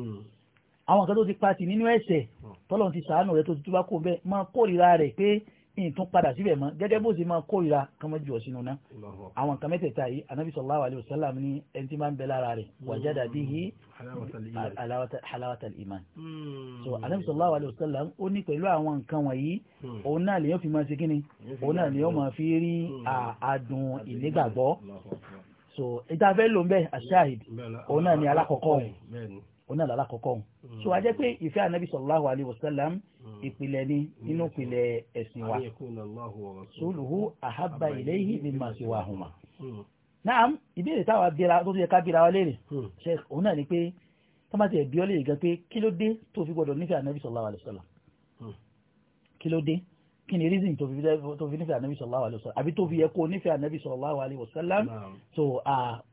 S2: àwọn nǹkan tó ti pati nínú ti sàánù rẹ tó ti túbá kó bẹ́ẹ̀ mọ́ kórìíra ìtún padà síbẹ̀ mọ́ gẹ́gẹ́ bó ṣe máa kórira kán mọ́ jù ọ́ sínú ná. àwọn kan mẹ́tẹ̀ẹ̀ta yìí anabi sallallahu alayhi wa sallam ní ẹni tí máa ń bẹ lára rẹ̀ hmm. wàjáda bihi halawatal iman.
S3: Hmm. so
S2: anabi sallallahu alayhi wa sallam ó ní pẹ̀lú àwọn nǹkan wọ̀nyí hmm. òun náà lèyàn fi máa ṣe kíni
S3: òun náà lèyàn máa
S2: fi rí àádùn ìnígbàgbọ́. so ìtafẹ́ ló ń bẹ́ àṣàhìd
S3: òun náà
S2: òun náà lálá kọ̀ọ̀kọ́ òun. Hmm. so a jẹ́ pé ìfẹ́ anabi sallallahu alayhi wa sallam hmm. ìpìlẹ̀ ni hmm. nínú ìpìlẹ̀ ẹ̀sìn wa suluhu ahabba ilayhi mimma siwahuma. naam ìbéèrè táwa bíra tó yẹ ká bíra wa léèrè sheikh òun náà ni pé tọ́mátì ẹ̀bí ọ́ léèrè gan pé kí ló dé tó fi gbọ́dọ̀ nífẹ̀ẹ́ anabi sallallahu alayhi wa sallam kí ló dé kí ni reason tó fi nífẹ̀ẹ́ anabi sallallahu alayhi wa sallam àbí tó fi yẹ kó nífẹ̀ẹ́ anabi sallallahu alayhi wa sallam so.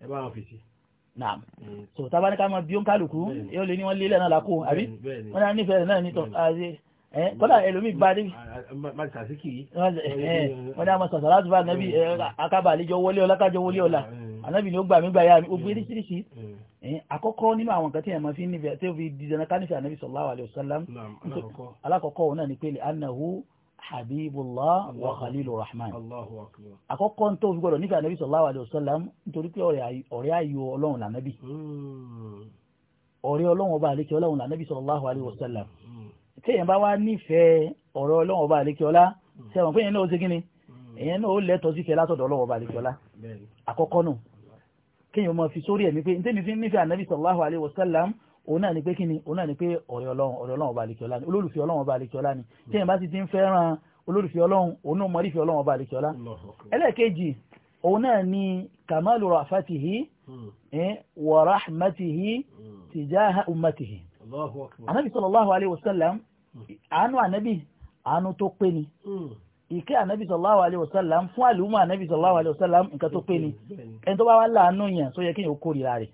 S2: ẹ bá wọn fèsì naam mm. so taba ni ká mọ bí ó ń kálukú yóò lè ní wọn lélẹ̀ náà lákò àbí wọn náà nífẹ̀ẹ́ náà nítọ̀ àti ẹ kọ́dà ẹlòmíì bá débi. wọ́n ní a mọ sọ̀sọ̀ láti bá nàbí akábà àlejò wọlé ọlá kájọ wọlé ọlá ànábì ni ó gbà mí gbà yá mi gbogbo eréṣiríṣi àkọ́kọ́ nínú àwọn nǹkan tí èèyàn máa fi nífẹ̀ẹ́ tí ó fi dìdánná ká nífẹ̀ẹ́ ànábì sallallahu alaihi wasallam alákọ̀ọ́kọ́ òun náà ni pé habibullah wa khalilu rahman. àkọ́kọ́ tó fi gbọ́dọ̀ nífẹ̀ẹ́ anabi sallallahu alayhi wa sallam nítorí pé ọ̀rẹ́ ayò ọlọ́run lànàbì hmm. ọ̀rẹ́ ọlọ́run ọba àlekè ọlọ́run lànàbì sallallahu alayhi wa sallam hmm. téèyàn bá wá nífẹ̀ẹ́ ọ̀rẹ́ ọlọ́run ọba àlekè ọlá sẹ́wọ̀n hmm. pé yẹn náà ó ṣe kí ni èyàn náà ó lẹ́tọ̀ọ́ sí kẹ látọ̀dọ̀ ọlọ́run ọba àlekè ọlá òun náà ni pé kíni òun náà ni pé ọ̀rẹ́ ọlọ́run ọ̀rẹ́ ọlọ́run ọba àlekíọ́lá ni olólùfẹ́ ọlọ́run ọba àlekíọ́lá ni tí èèyàn bá ti ti ń fẹ́ràn olólùfẹ́ ọlọ́run òun náà mọ̀rífẹ́ ọlọ́run ọba àlekíọ́lá ẹlẹ́ẹ̀kejì òun náà ni kàmáàlù ràfàtìhì hmm. wàràhmàtìhì hmm. tìjáhà ummatihi anabi sallallahu alayhi wa sallam hmm. àánú anabi àánú tó pé ni ìkẹ́ ànábì sallallahu alaihi wasallam fún àlùmọ́ ànábì sallallahu alaihi wasallam nǹkan tó pé ni ẹni tó bá wá láàánú yẹn tó yẹ kí yóò kórìíra rẹ̀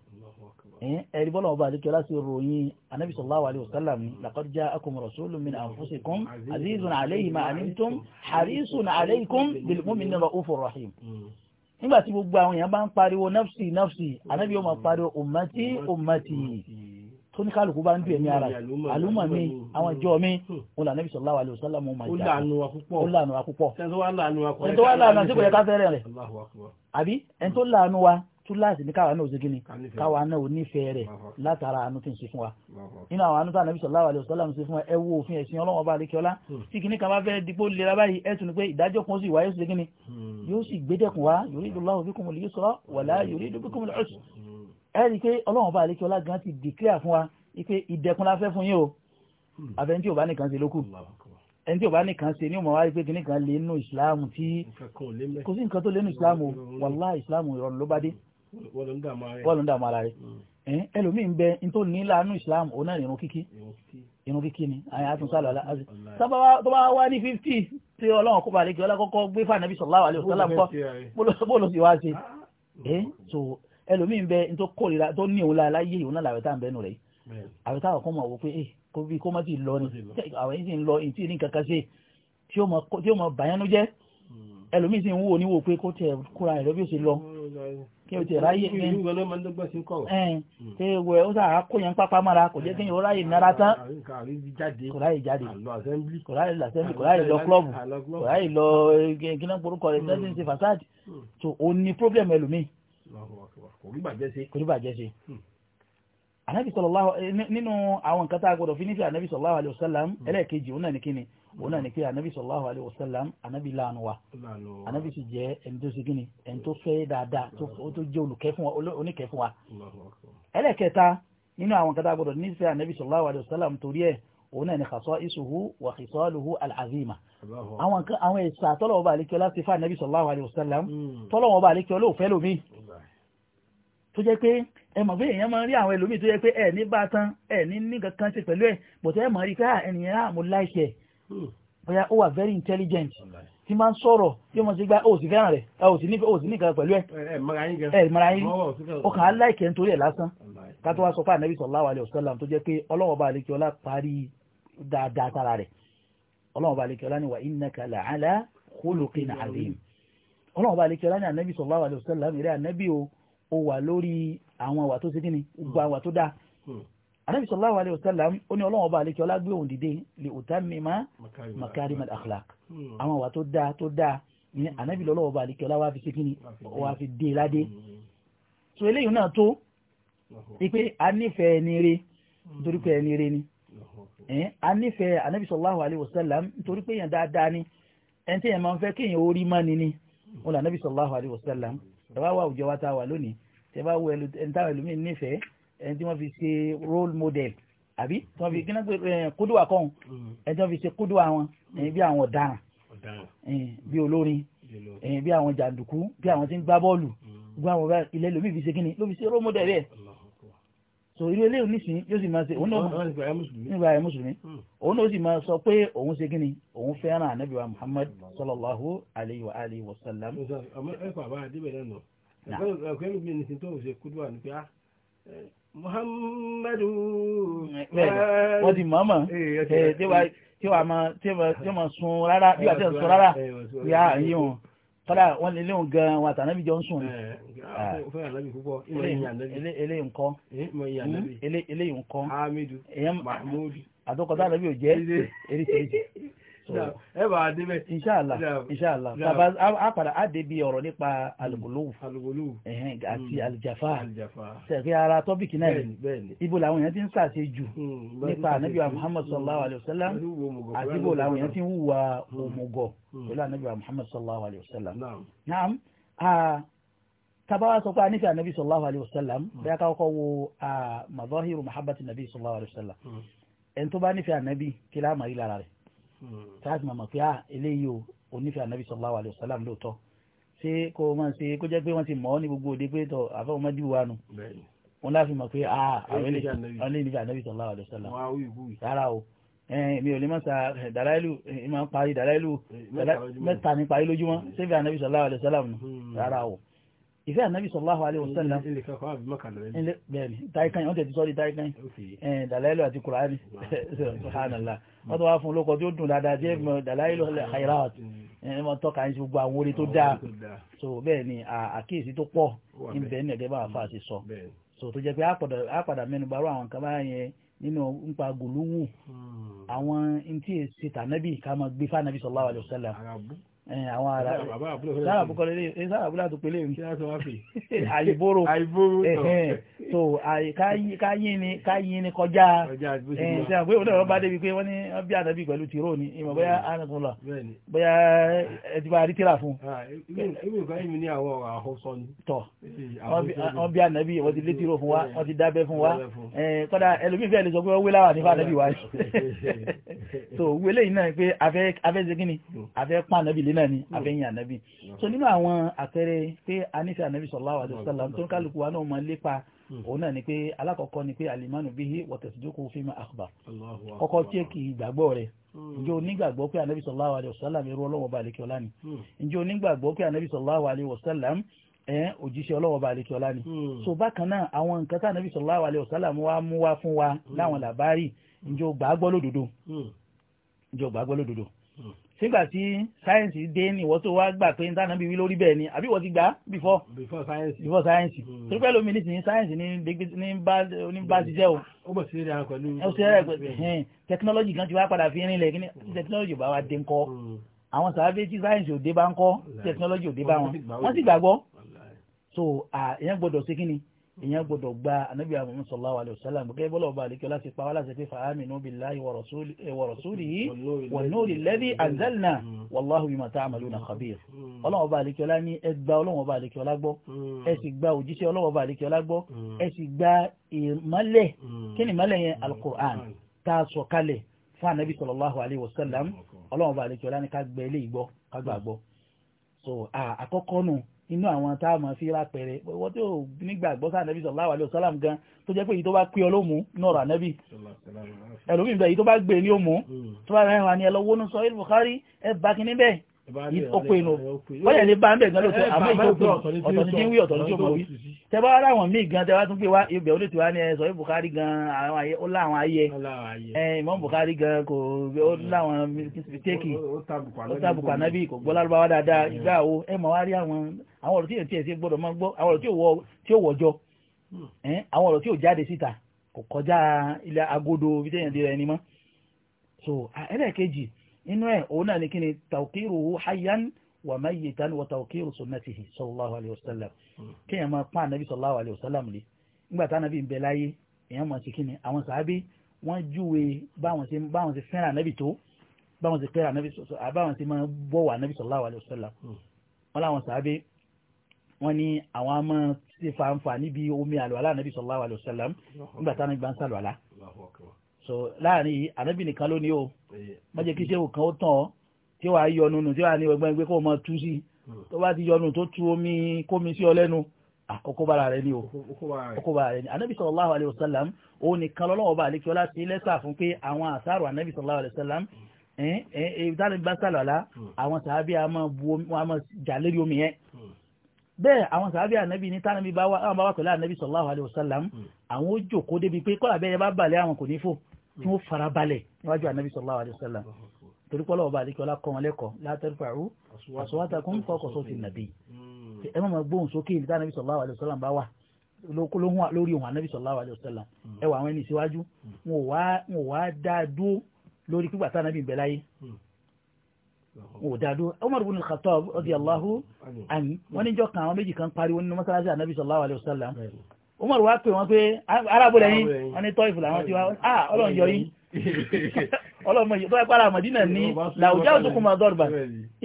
S2: ẹ̀rí bọ́lá ọba àdékẹ́ láti ròyìn anábì sallallahu alayhi wa sallam laqad ja'akum rasulun min anfusikum azizun alayhi ma anittum harisun alaykum bil mu'minina ra'ufur rahim. nígbà tí gbogbo àwọn èèyàn bá ń pariwo nafsi nafsi anábì yóò máa pariwo ummati ummati tó ní kálukú bá ń dùn ẹ̀mí ara àlùmọ̀ mi àwọn ìjọ mi wọn là nẹ́bí sallallahu alaihi wasallam mọ̀ máa jà ó lànà wa púpọ̀ ó lànà wa púpọ̀ ẹni tó wá lànà wa túláàsì ní káwa náà ò ni káwa náà ò nífẹ̀ẹ́ rẹ̀ látara àánú tí ń ṣe fún wa nínú àwọn àánú tí ànábì sallallahu alaihi wasallam ṣe fún wa ẹ wo òfin ẹ̀sìn ọlọ́wọ́n bá lè kí ọlá hmm. tí kìíní kan bá fẹ́ dípò lera báyìí ẹ tún pé ìdájọ́ kan sì wáyé segin hmm. yóò sì gbédẹ̀kùn wa yuridullahu bikumul yusra wala yuridu bikumul usra hmm. ẹ rí i pé ọlọ́wọ́n bá lè kí ọlá gan ti dìkíà fún wa pé ìdẹ̀kùn la fẹ́ fún yín o àfẹ́ni tí ò bá nìkan ṣe lókù ẹni tí ò bá nìkan ṣe ní ọmọ wa pé kìnnìkan lè nù ìsìláàmù tí kò sí nǹkan tó lè nù ìsìláàmù wàlá ìsìláàmù ìrọ̀rùn ló bá dé
S1: wọ́n ló ń
S2: dààmú ara rẹ̀ hmm. ẹlòmíín bẹ tó ní láàánú islam òun náà irun kíkí irun kíkí ni àyà àtúnṣàlọ aláàzì tó bá wá ní fifty tí ọlọ́run kó balẹ̀ kí ọlá kọ́kọ́ gbé fànàbí sallallahu alaihi wasallam kọ́ bóòlù sì wá ṣe ah, ah. so ẹlòmíín bẹ tó kórìíra tó ní òun láàyè òun náà làwẹ̀ tá à ń bẹ́nu rẹ̀ àwẹ̀ táwọn kan mọ̀ wò pé eh, kó bí kó má ti lọ ni àwẹ̀ yìí sì ń lọ ìtì ní kankan ṣe tí ó mọ bàyánú jẹ́ hmm. ẹlòmíín sì ń wò ní wò pé kó tẹ̀ kóra ẹ̀rọ ó ṣe lọ hmm
S1: kí o ti ráyè ní kí ewu
S2: hmm. ẹ ó sàrà kó yẹn pápá mọ́ra kò jẹ́ kí yẹn ó ráyè nára tán kò ráyè jáde kò ráyè làṣẹ́mbì kò ráyè lọ klọ́ọ̀bù kò ráyè lọ gíná eh, porúkọ rẹ̀ hmm. tẹ́sí ṣe fàṣáàdì tó o ní pírọ́blẹ̀mù ẹlòmíì
S1: kò
S2: rí bàjẹ́ ṣe. Hmm. ànábì sallallahu eh, nínú àwọn nǹkan tá a gbọdọ̀ fi nífẹ̀ẹ́ ànábì sallallahu alaihi wasallam ẹlẹ́ẹ̀kejì òun náà ní kíni òun náà ni pé anabi sallallahu alayhi wa sallam anabi láàánú wa anabi sì jẹ ẹni tó segin ni ẹni tó fẹ́ dáadáa tó jẹ olùkẹ́ fún wa oníkẹ́ fún wa. ẹlẹ́kẹta nínú àwọn kata gbọdọ̀ nífẹ̀ẹ́ anabi sallallahu alayhi wa sallam torí ẹ̀ òun náà ni khasa'isuhu wa khisaluhu al-azima. àwọn àwọn ẹ̀sà tọ́lọ̀ ọba àlekẹ́ láti fún anabi sallallahu alayhi wa sallam hmm. tọ́lọ̀ ọba àlekẹ́ olóòfẹ́ lómi tó jẹ́ pé ẹ mọ̀ pé èèyàn máa ń rí àwọn ẹlòmíì tó jẹ́ pé ẹ ní bá tán ẹ ní ní kankan ṣe pẹ̀lú ẹ bọ̀tẹ́ ẹ mọ̀ rí ká ẹnìyàn á mú láìṣẹ́ bóyá ó wà very intelligent tí máa ń sọ̀rọ̀ tí wọ́n ti gbá ó sì fẹ́ràn rẹ̀ ó sì nífẹ̀ẹ́ ó sì níkan pẹ̀lú ẹ̀ ẹ̀ mara yín ọkàn aláìkẹ́ nítorí ẹ̀ lásán ká tó wá sọ fún ànábì sallallahu alaihi wasallam tó jẹ́ pé ọlọ́wọ́ bá àlekí ọlá parí dáadáa tara rẹ̀ ọlọ́wọ́ bá àlekí ọlá ní wa innaka la'ala khuluqin azim ọlọ́wọ́ bá àlekí ọlá ní ànábì sallallahu alaihi wasallam rẹ̀ ànábì ó wà lórí àwọn àwà tó ṣe kíni gbogbo àwà tó dáa hmm anabi sallallahu alayhi wa sallam ó ní ọlọ́wọ́n ọba àlekí ọlá gbé òun dìde lè òtá mímá makarim al-akhlaq hmm. àwọn wà tó dáa tó dáa ní anabi hmm. lọ́wọ́ ọba àlekí ọlá wà fi sékìní hmm. wà fi dé ládé so eléyìí náà tó ipe anífẹ̀ẹ́ ni re nítorí pé ẹni re ni anífẹ̀ẹ́ anabi sallallahu alayhi wa sallam nítorí pé yẹn dáadáa ni ẹni tí yẹn máa ń fẹ́ kéèyàn orí má ni ni wọn lànà bí sallallahu alayhi wa sallam ẹ wá wà òjò wa ta wà lónìí tẹ bá wọ ẹni táwọn ẹlòmíín nífẹ̀ẹ́ ẹni tí wọ́n fi ṣe role model àbí tí wọ́n fi kí náà pé eh, kúdùwà kọ́ ọ̀hún mm. ẹni tí wọ́n fi ṣe kúdùwà wọn mm. eh, bí àwọn ọ̀daràn eh, bí olórin bí àwọn jàǹdùkú bí àwọn tí ń gbá bọ́ọ̀lù mm. gbọ́ àwọn ọba ilẹ̀ lómi fi ṣe kí ni ló fi ṣe role model bẹ́ẹ̀ so irú eléyìí nísìnyí yóò sì máa ṣe òun náà nígbà ayé mùsùlùmí òun náà sì máa sọ pé òun ṣe kí ni òun fẹ́ràn ànábì
S1: wa sallallahu alayhi wa alihi wa sallam. ọmọ ẹ̀kọ́ àbá adébẹ̀rẹ̀ nù ẹ̀kọ́ ẹ̀kọ́ ẹ̀lùmí ni tó ń ṣe kúdùwà ní pé ah, muhammadu wọ́n ti mọ̀ mọ̀ eh, eh, tí wàá mọ̀ tí wọ́n sun rárá
S2: bí wàá tí eh, wọ́n sun rárá yá yí wọn kọ́dà wọ́n lè léwọn gan wọn àtànábì jọ ń sùn ni. Ah, ah. eléyìí ńkọ́ eléyìí ńkọ́
S1: àtọkọ̀tà ànábì ò jẹ́ eréṣẹ́ríṣẹ́ ẹ bá a débẹ̀. inṣàlá inṣàlá bàbá a padà á dé bi ọ̀rọ̀ nípa hmm. alugolówù
S2: àti hmm. alijafa sẹ̀kí ara tọ́pìkì náà ibo làwọn èèyàn ti ń sàṣe jù hmm, nípa anabi wa muhammad sallallahu alayhi wa
S1: sallam àti ibo làwọn èèyàn ti ń
S2: wùwà òmùgọ̀ pẹ̀lú anabi wa muhammad sallallahu alayhi wa sallam. naam tabawa sọ pé a nífẹ̀ẹ́ anabi sallallahu alayhi wa sallam bẹ́ẹ̀ ká kọ́kọ́ wo mazahiru muhammad anabi sallallahu alayhi wa sallam ẹni tó bá nífẹ̀ẹ́ anabi kí láàmà rí lára rẹ̀ sáà tí màmá pé à ah, eléyìí o onífẹ́ anabi sallallahu alayhi wa sallam lóòótọ́ ṣé kó o máa ṣe kó jẹ́ pé wọ́n ti mọ̀ ọ́ ní gbogbo òde pé tọ̀ àfẹ́wọ́n máa dìbò wa nù wọn láti mọ̀ pé à ah, àwọn ilé nífẹ̀ẹ́ anabi wa sallam rárá o mi ò lè mọ̀ sa eh, dàláìlù eh, ìmọ̀ parí dàláìlù eh, mẹ́ta ní parí lójúmọ́ ṣé fẹ́ anabi sallallahu alayhi wa sallam nù hmm. rárá o ìfẹ́ ànábì sallallahu alaihi wasallam bẹ́ẹ̀ni taikan ọ̀tẹ̀ ti sọ́rí taikan dàláìlò àti kùránì subhanallah wọ́n tó wá fún olókọ tí ó dùn dáadáa jẹ́ dàláìlò khairat ẹmọ tọ́ka ní gbogbo àwọn orí tó dáa so bẹ́ẹ̀ni àkíyèsí tó pọ̀ níbẹ̀ ní ẹ̀gẹ́ bá wà fáà sí sọ so tó jẹ́ pé àpàdà mẹ́nu bàrọ̀ àwọn Eh, àwọn ará sára àbúkọ lélẹ eh, sára àbúlá tó pélé rí àyíbóró so káyí ni káyí ni kọjá
S1: ṣe àgbé eh, òun náà
S2: bá débi pé wọ́n ní bí ànábì pẹ̀lú tìró ni ìmọ̀ bóyá ànàkùn lọ bóyá ẹtì bá rí tíra fún. ibi ìgbà yìí ní àwọn ọ̀rọ̀ àhọ́sọ ni. tọ wọn bí ànábì wọn ti lé tìró fún wa wọn ti dábẹ́ fún wa kọ́dà ẹlòmíì fẹ́ẹ́ lè sọ pé wọ́n wé láwà nípa ànábì wa so wẹ́lẹ̀ yìí náà pé afẹ́ afẹ́ segin ni hmm. afẹ́ pa ànábì lé náà ni àfẹ́yìn hmm. ànábì hmm. so nínú àwọn àpẹẹrẹ pé a nífẹ̀ẹ́ ànábì sallallahu alaihi wasallam tó ń kálukú wa náà mọ lépa hmm. òun náà ni pé alákọ̀ọ́kọ́ ni pé alimanu bihi wa tasdiquhu fima akhbar kọ́kọ́ tí kì í gbàgbọ́ rẹ̀ ǹjẹ́ o nígbàgbọ́ pé ànábì sallallahu alaihi wasallam irú ọlọ́wọ́ bá àlekí ọlá ni ǹjẹ́ o nígbàgbọ́ pé ànábì sallallahu alaihi wasallam ẹ̀ẹ́n òjíṣẹ́ ọlọ́wọ́ bá àlekí ọlá ni so bákan náà àwọn nǹkan tá ànábì sallallahu alaihi wasallam wa mú wá fún wa láwọn làbárì ǹjẹ́ o gbàgbọ́ lódodo sígbà tí sáyẹ̀nsì dé ní ìwọ́n tó wá gbà pé níta bí wí lórí bẹ́ẹ̀ ni àbí ìwọ́n ti gbà before before sáyẹ̀nsì before sáyẹ̀nsì hmm. torí pẹ́ lómi nísìnyí sáyẹ̀nsì ní bá ṣiṣẹ́ o. ó bọ̀ sí ẹ̀rọ pẹ̀lú. ó sì ẹ̀rọ pẹ̀lú technology kan ti wá padà fi rinlẹ̀ kí ni technology bá wa dé ńkọ́ hmm. àwọn sàábé tí sáyẹ̀nsì ò dé bá ńkọ́ technology ò dé bá wọn wọ́n sì gbàgbọ́ so ìyẹn gbọ́dọ̀ ṣe kí ni ìyẹn gbọdọ̀ gba anabi amúhùn sallallahu alayhi wa sallam gẹ́gẹ́ bọ́lá ọba àlekẹ́ láti pa wá láti fi fa aminu billahi wa eh, rasulihi wan nuri alladhi anzalna wallahu bima ta'maluna khabir ọlọ́wọ́ ọba àlekẹ́ ọlá ní ẹ gba ọlọ́wọ́ ọba àlekẹ́ ọlá gbọ́ ẹ sì gba òjíṣẹ́ ọlọ́wọ́ ọba àlekẹ́ ọlá gbọ́ hmm. ẹ sì gba hmm. hmm. ní ká so àkọ́kọ́ nù inú àwọn tá a mọ̀ sí lápẹ̀rẹ̀ wọ́n tó nígbàgbọ́ sáà nẹ́bí sallallahu alaihi wasallam gan tó jẹ́ pé èyí tó bá pé ọlọ́mù nọ̀rọ̀ ànẹ́bí ẹlòmíì bẹ́ẹ̀ èyí tó bá gbé e ní òmù hmm. tó bá rẹ̀ wà ní ẹlọ́wọ́ ní sọ Bukhari ẹ bá kí níbẹ̀ ọpẹ́ inú bọ́yẹ̀ ní bá ń bẹ̀ gan ló tó àmọ́ ìjókòó ọ̀tọ̀ ní jíwí ọ̀tọ̀ ní jókòó wí tẹ́bá ara wọn míì gan tẹ́wá tún pé wá ibẹ̀ ó lè tí wá ní ẹ̀sọ́ Bukhari gan ó láwọn ayẹ Imam Bukhari gan kò ó láwọn mistake ó tàbùkù ànábì kò gbọ́ lárúbáwá dáadáa ìgbà wo ẹ mọ̀ wá rí àwọn àwọn ọ̀rọ̀ tí èyí ti gbọ́dọ̀ máa gbọ́ àwọn ọ̀rọ̀ tí ò wọjọ hmm. àwọn ọ̀rọ̀ tí ò jáde síta kò kọjá ilẹ̀ agodo bí tẹ̀yàn dé rẹ ni mọ́ so ẹlẹ́ẹ̀kejì nínú ẹ̀ òun náà ni kí ni tawqiruhu hayyan wa mayyitan wa tawqiru sunnatihi sallallahu alayhi wa sallam hmm. kí èèyàn máa pọ́n ànábì sallallahu alayhi wa sallam lé nígbà tá ànábì ń bẹ láyé èèyàn máa ṣe kí ni àwọn sàábé wọ́n júwe báwọn ṣe fẹ́ràn ànábì tó báwọn ṣe fẹ́ràn ànábì àbáwọn ṣe máa bọ̀wọ̀ ànábì sallallahu alayhi wa sallam hmm. wọ́n láwọn sàábé ní àwọn a máa fanfa níbi omi àlùwàlá ànábì sallallahu so láàrin yìí ànábì nìkan ló má jẹ́ kí sẹ́wò kan ó tàn ọ́ tí wàá yọnu nù tí wàá ní ọgbọ́n ẹgbẹ́ kó mọ tú sí tó bá ti yọnu tó tú omi kómi sí ọ lẹ́nu àkókò bára rẹ ni o àkókò bára rẹ ni anabi sallallahu alayhi wa sallam òun nìkan lọ́lọ́wọ́ bá àlekí ọlá sí lẹ́sà fún pé àwọn àṣàrò anabi sallallahu alayhi wa sallam ìdáni bá sàlọ́lá hmm. àwọn sàábì àmọ́ jàlérí omi yẹn hmm. bẹ́ẹ̀ àwọn sàábì anabi ní tánàbí bá wà pẹ̀lú anabi sallallahu alayhi wa sallam hmm. àwọn ó jòkó débi pé kọ́lá bẹ́ẹ̀ bá balẹ̀ àwọn kò ní fò tí wọ́n fara balẹ̀ níwájú anabi sallallahu alayhi wa sallam torí pé ọlọ́wọ́ bá àdékẹ́ ọlá kọ́ wọn lẹ́kọ̀ọ́ la tarfa'u aswatakum fawqa sawti an-nabi hmm. ẹ má ma gbóhùn sókè nígbà anabi sallallahu alayhi wa sallam bá wà lórí òun anabi sallallahu alayhi wa sallam hmm. ẹ wà àwọn ẹni síwájú hmm. wọn ò wá dáa dúró lórí pípa tá anabi bẹ̀ láyé òdàdó Umar ibn al-Khattab radiyallahu anhu wọ́n níjọ́ kan àwọn méjì kan pariwo nínú mọ́sálásí Umar wá pè wọ́n Arabo arábòlẹ̀ yìí wọ́n ní tọ́ìfù làwọn ti wá ah ọlọ́run yọ yìí ọlọ́run yìí tó ẹ̀pára àmàdínà ní làwùjá òtúkùn máa dọ́rùbà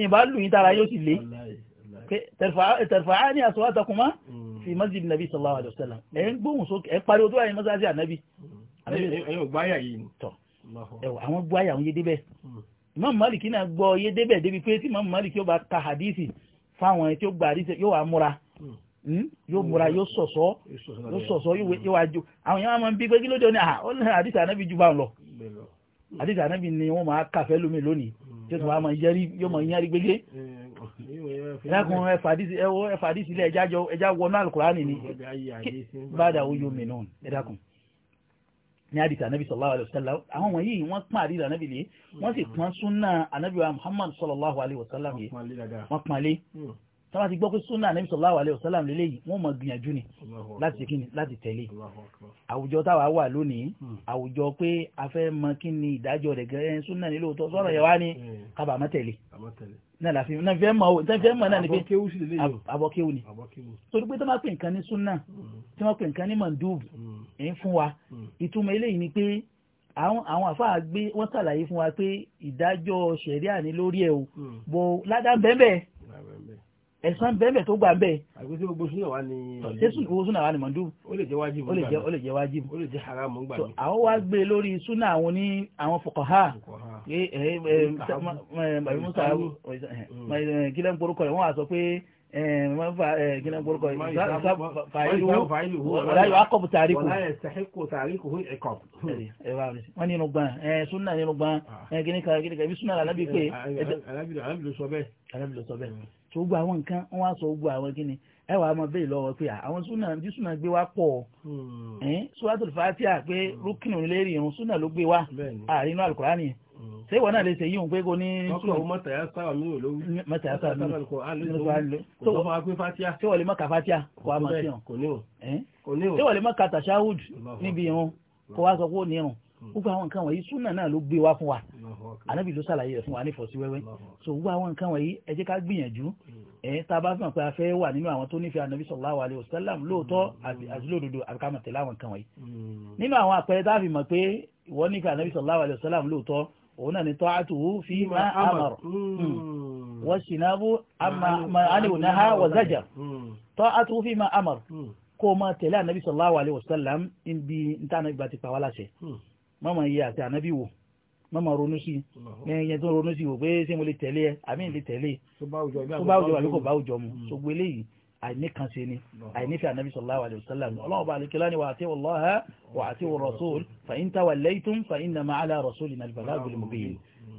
S2: ìbá lù yín tára yóò sì lé tẹ̀fà ní àsọwọ́ àtọkùnmá mm. fi masjid nabi sallallahu alayhi wa sallam ẹ̀ ń gbóhùn sókè ẹ̀ pariwo tó wà masjid anabi. ẹ̀yọ̀ gbáyà yìí. tọ́ ẹ̀wọ̀ àwọn gbáyà àwọn yédébẹ̀ mm. imam malik náà gbọ́ yédébẹ̀ débi pé tí imam maliki yóò bá ka hadisi fáwọn ẹ̀ tí ó hadisi yóò wá múra Hmm? yóò múra yóò sọ̀sọ́ yóò sọ̀sọ́ hmm. yóò wá ju àwọn yẹn máa ń bí pé kí ló dé ọ ní à ó ní àdìsí ah, ànábì ju bá ń lọ àdìsí ànábì ni wọ́n máa kàfẹ́ lómi lónìí hmm. tí wọ́n máa yẹrí yóò máa yẹrí gbégé ẹ̀kún ẹ̀fà àdìsí ilé ẹja jọ ẹja wọnú àlùkùránì ni bàdà ó yóò mìíràn ẹ̀dàkùn ní àdìsí ànábì sallallahu alayhi wa sallam àwọn wọ̀nyí wọ́n pọ́n àdìsí ànábì lé wọ́n sì pọ́n súnà ànábì wa Muhammad sallallahu alayhi wa sallam yìí wọ́n pọ́n tọ́wọ́ ti gbọ́ pé súnà Ànábì sallallahu alaihi wasallam lélẹ́yìí wọ́n mọ̀ gbìyànjú ni láti ṣe kíni láti tẹ̀lé àwùjọ táwa wà lónìí hmm. àwùjọ pé a fẹ́ mọ kí ni ìdájọ́ rẹ̀ gẹ́gẹ́ súnà ní lóòótọ́ sọ̀rọ̀ yẹn wá ní hmm. kábà má tẹ̀lé náà láfi náà fẹ́ mọ̀ náà fẹ́ mọ̀ náà ni pé abọ́kéwù ni torí pé tó máa pè nǹkan ní súnà tó máa pè nǹkan ní mọ̀ndúùbù hmm. ẹ̀ ń fún wa ìtumọ̀ eléyìí ni pé àwọn àfáà gbé wọ́n ṣàlàyé fún wa pé ìdájọ́ ṣẹ̀ríà ní lórí ẹ̀ o bò ládàá ẹ̀sán bẹ́ẹ̀ tó gbà bẹ́ẹ̀.
S1: àgbẹ̀sẹ̀ gbogbo súnà wa ni.
S2: ṣé owó súnà wa ni mọ̀ndú. ó lè jẹ́ wájibù. ó lè jẹ́ ó lè jẹ́ ó lè jẹ́ haramu gbà mí. àwọn wá gbé lórí súnà àwọn ní àwọn fọkànhá. ẹ ẹ ẹ bàbá musa kílẹ̀ ń porúkọ rẹ̀ wọ́n wá sọ pé gina gbọ́rọ̀kọ̀ ìsáàbù akọ̀bù tàríkù wọ́n nínú gbọ́n súnà nínú gbọ́n gínìkà ah. gínìkà ibi súnà alábì pé alábìlò ah, ah, sọ bẹ́ẹ̀ tó gbọ́ àwọn nǹkan wọ́n á sọ gbọ́ àwọn gíní ẹwà á máa bẹ́ẹ̀ lọ́wọ́ pé àwọn súnà bí súnà gbé wá pọ̀ hmm. ẹ́ suratul Fatiha pé hmm. rúkìnnù lérí irun súnà ló gbé wá àrínú Al-Qur'ani ṣé ìwọ náà lè ṣe yíwọ̀n pé kò ní. ọkọ mọta ya sáwà mi ò lówí. mọta ya sáwà mi ò lówí. kò sọ fún wa pé fatia. ṣé wọ́n lè má ka fatia kó a máa ṣe hàn. kò ní o. ṣé wọ́n lè má ka tashahud níbi irun kó wa sọ pé ní irun hmm. gbogbo àwọn nǹkan wọ̀nyí súnà náà ló gbé wá fún wa ànábì ló ṣàlàyé rẹ̀ fún wa ní fọ̀sí wẹ́wẹ́ so gbogbo àwọn nǹkan wọ̀nyí ẹ jẹ́ ká gbìyànjú hmm. ẹ̀ tá a bá fihàn pé a fẹ́ wà nínú àwọn tó nífẹ̀ẹ́ ànábì sallallahu alaihi wasallam lóòótọ́ hmm. àti lódodo àbí ká máa tẹ̀lé àwọn nǹkan wọ̀nyí nínú àwọn àpẹẹrẹ tá a fi mọ̀ pé ìwọ nífẹ̀ẹ́ ànábì sallallahu alaihi wasallam lóòótọ́ òun náà ni tọ́ àtúwú fi máa àmàrọ̀ wọ́n sì náà bú àníwò náà ha wọ́n zájà tọ́ àtúwú fi máa àmàrọ̀ hmm. kó o máa tẹ̀lé ànábì sallallahu alaihi wasallam níbi níta ànábì bá ti pa wá láṣẹ mọ́mọ́ iye àti ànábì wò mọ́mọ́ ronú sí ẹ̀yẹ tó ronú sí wò pé ṣé mo lè tẹ̀lé ẹ àmì lè tẹ̀lé e?
S1: tó bá òjò àbí kò bá
S2: òjò mu hmm. ṣògbó eléyìí àìníkànṣe ni àìnífẹ́ ànábì sallallahu alaihi wasallam ọlọ́run bá alìkílá ni wà àti wallaha wà àti rasul fa in tawallaytum fa innama ala rasulina al-balagul mubin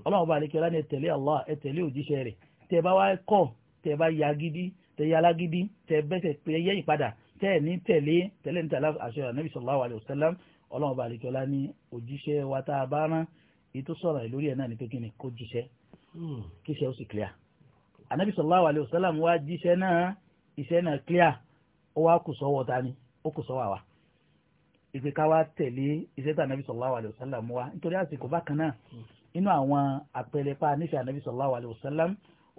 S2: ọlọ́run bá alìkílá ni ẹ̀tẹ̀lé allah ẹ̀tẹ̀lé òjíṣẹ́ rẹ̀ tẹ́ bá wá kọ̀ tẹ́ bá ya gidi tẹ́ ya lágidi tẹ́ bẹ́sẹ̀ pé yẹ́ ìpadà tẹ́ ní tẹ̀lé tẹ̀lé ní tẹ̀lé àṣẹ ànábì sallallahu alaihi wasallam ọlọ́run bá iṣẹ́ náà clear ó wá kù sọ́wọ́ ta ni ó kù sọ́wọ́ àwa ìpè ká wá tẹ̀lé iṣẹ́ tá ànábì sallallahu alayhi wa sallam wa nítorí àsìkò bákan náà inú àwọn àpẹẹrẹ pa nífẹ̀ẹ́ ànábì sallallahu alayhi wa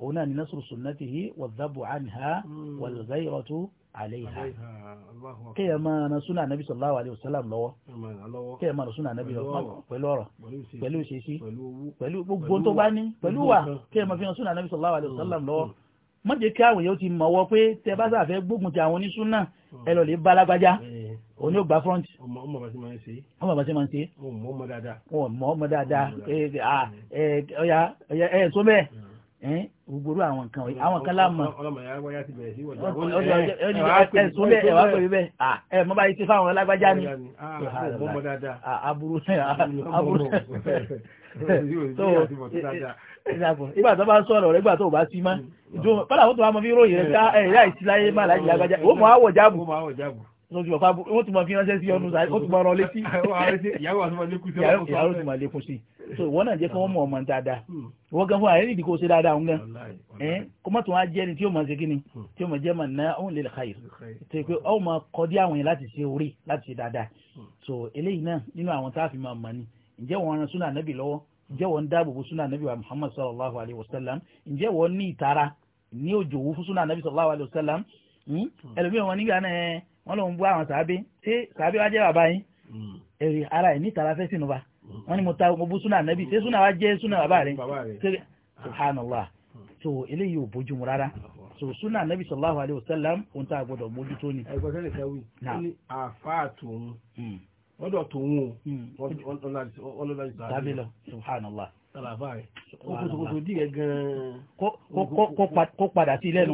S2: òun náà ni nasru sunnatihi wadhabu anha walghayratu
S1: alayha kéèyàn
S2: máa na súnà ànábì sallallahu alayhi wa lọ́wọ́ kéèyàn máa na súnà ànábì lọ́wọ́ pẹ̀lú ọ̀rọ̀ pẹ̀lú ìṣesí pẹ̀lú gbogbo tó bá ní pẹ̀lú wà kéèyàn máa fi na súnà ànábì sallallahu alayhi wa lọ́wọ́ má jẹ́ kí àwọn èèyàn ti mọ̀wọ́ pé tẹ bá sàfẹ́ gbógun ti àwọn onísúnà ẹ lọ lè balagbájá òní eh, ò gba front.
S1: ọmọ bàbá sí máa ń ṣe. ọmọ bàbá sí máa ń ṣe. ọmọ ọmọ dáadáa.
S2: ọmọ ọmọ dáadáa eh, ah, eh, ọyà ẹ sọ bẹ́ẹ̀ hmm. gbogbooru àwọn kan yìí àwọn kan láàmú.
S1: ọlọmọya wáyà ti bẹ̀rẹ̀ sí wọ̀jà. ẹ sọ bẹ́ẹ̀ ẹ wá pẹ̀lú bẹ́ẹ̀ ah, ẹ mọ báyìí ti fáwọn alágbájá ni. ọmọ ah,
S2: dáadáa. ìgbà e, e, tó bá ń sọ̀rọ̀ rẹ̀ ìgbà tó bá sí má mm. kọ́lá wọ́n tó wá mọ fi ròyìn rẹ̀ ah, ẹ̀rẹ́ àìsí láyé má láyé lágbájá ó mọ̀ àwọ̀ jáàbù wọ́n ti mọ fi ránṣẹ́ sí ọdún sáré ó ti mọ ọ̀rọ̀ létí ìyàwó ti mọ lékún sí so wọ́n náà jẹ́ kí wọ́n mọ̀ ọmọ dáadáa mm. wọ́n gan fún ààrẹ nìdí kó ṣe dáadáa òun gan ẹ́n kó mọ̀ tó wá jẹ́ ni tí ó mọ̀ ṣe kíni mm. tí ó mọ̀ jẹ́ mọ̀ náà òun lè lè káyè tó yẹ pé ó mọ̀ kọ́ dí àwọn yẹn láti ṣe orí láti ṣe dáadáa so eléyìí náà nínú àwọn tá a fi máa mọ̀ ni ǹjẹ́ wọ́n ran súnà nàbì lọ́wọ́ ǹjẹ́ wọ́n ń dáàbò bo súnà nàbì wa muhammad sallallahu alayhi wa sallam ǹjẹ́ wọ́n ní ìtara ní òjò wú fún súnà nàbì sallallahu alayhi wa sallam ẹlòmíràn wọn nígbà náà wọn lòún bú àwọn sàábé ṣé sàábé wa jẹ́ bàbá yín èrè hmm. ara ẹ̀ ní ìtara fẹ́ sínú ba hmm. wọn ni mo ta mo bú súnà nàbì ṣé súnà wa jẹ́ súnà bàbá rẹ̀ subhanallah so eléyìí ò bójú mu rárá so suna nabi sallallahu alaihi wasallam ohun tá a gbọ́dọ̀ mójútó ni.
S1: ẹgbẹ́ lọ́dọ̀ tòun o ọlọ́lá ìgbà rẹ̀ dábìlọ subhanallah
S2: tàlàfà rẹ̀ kòkòtò
S1: díẹ̀ gan-an
S2: kó padà sí lẹ́nu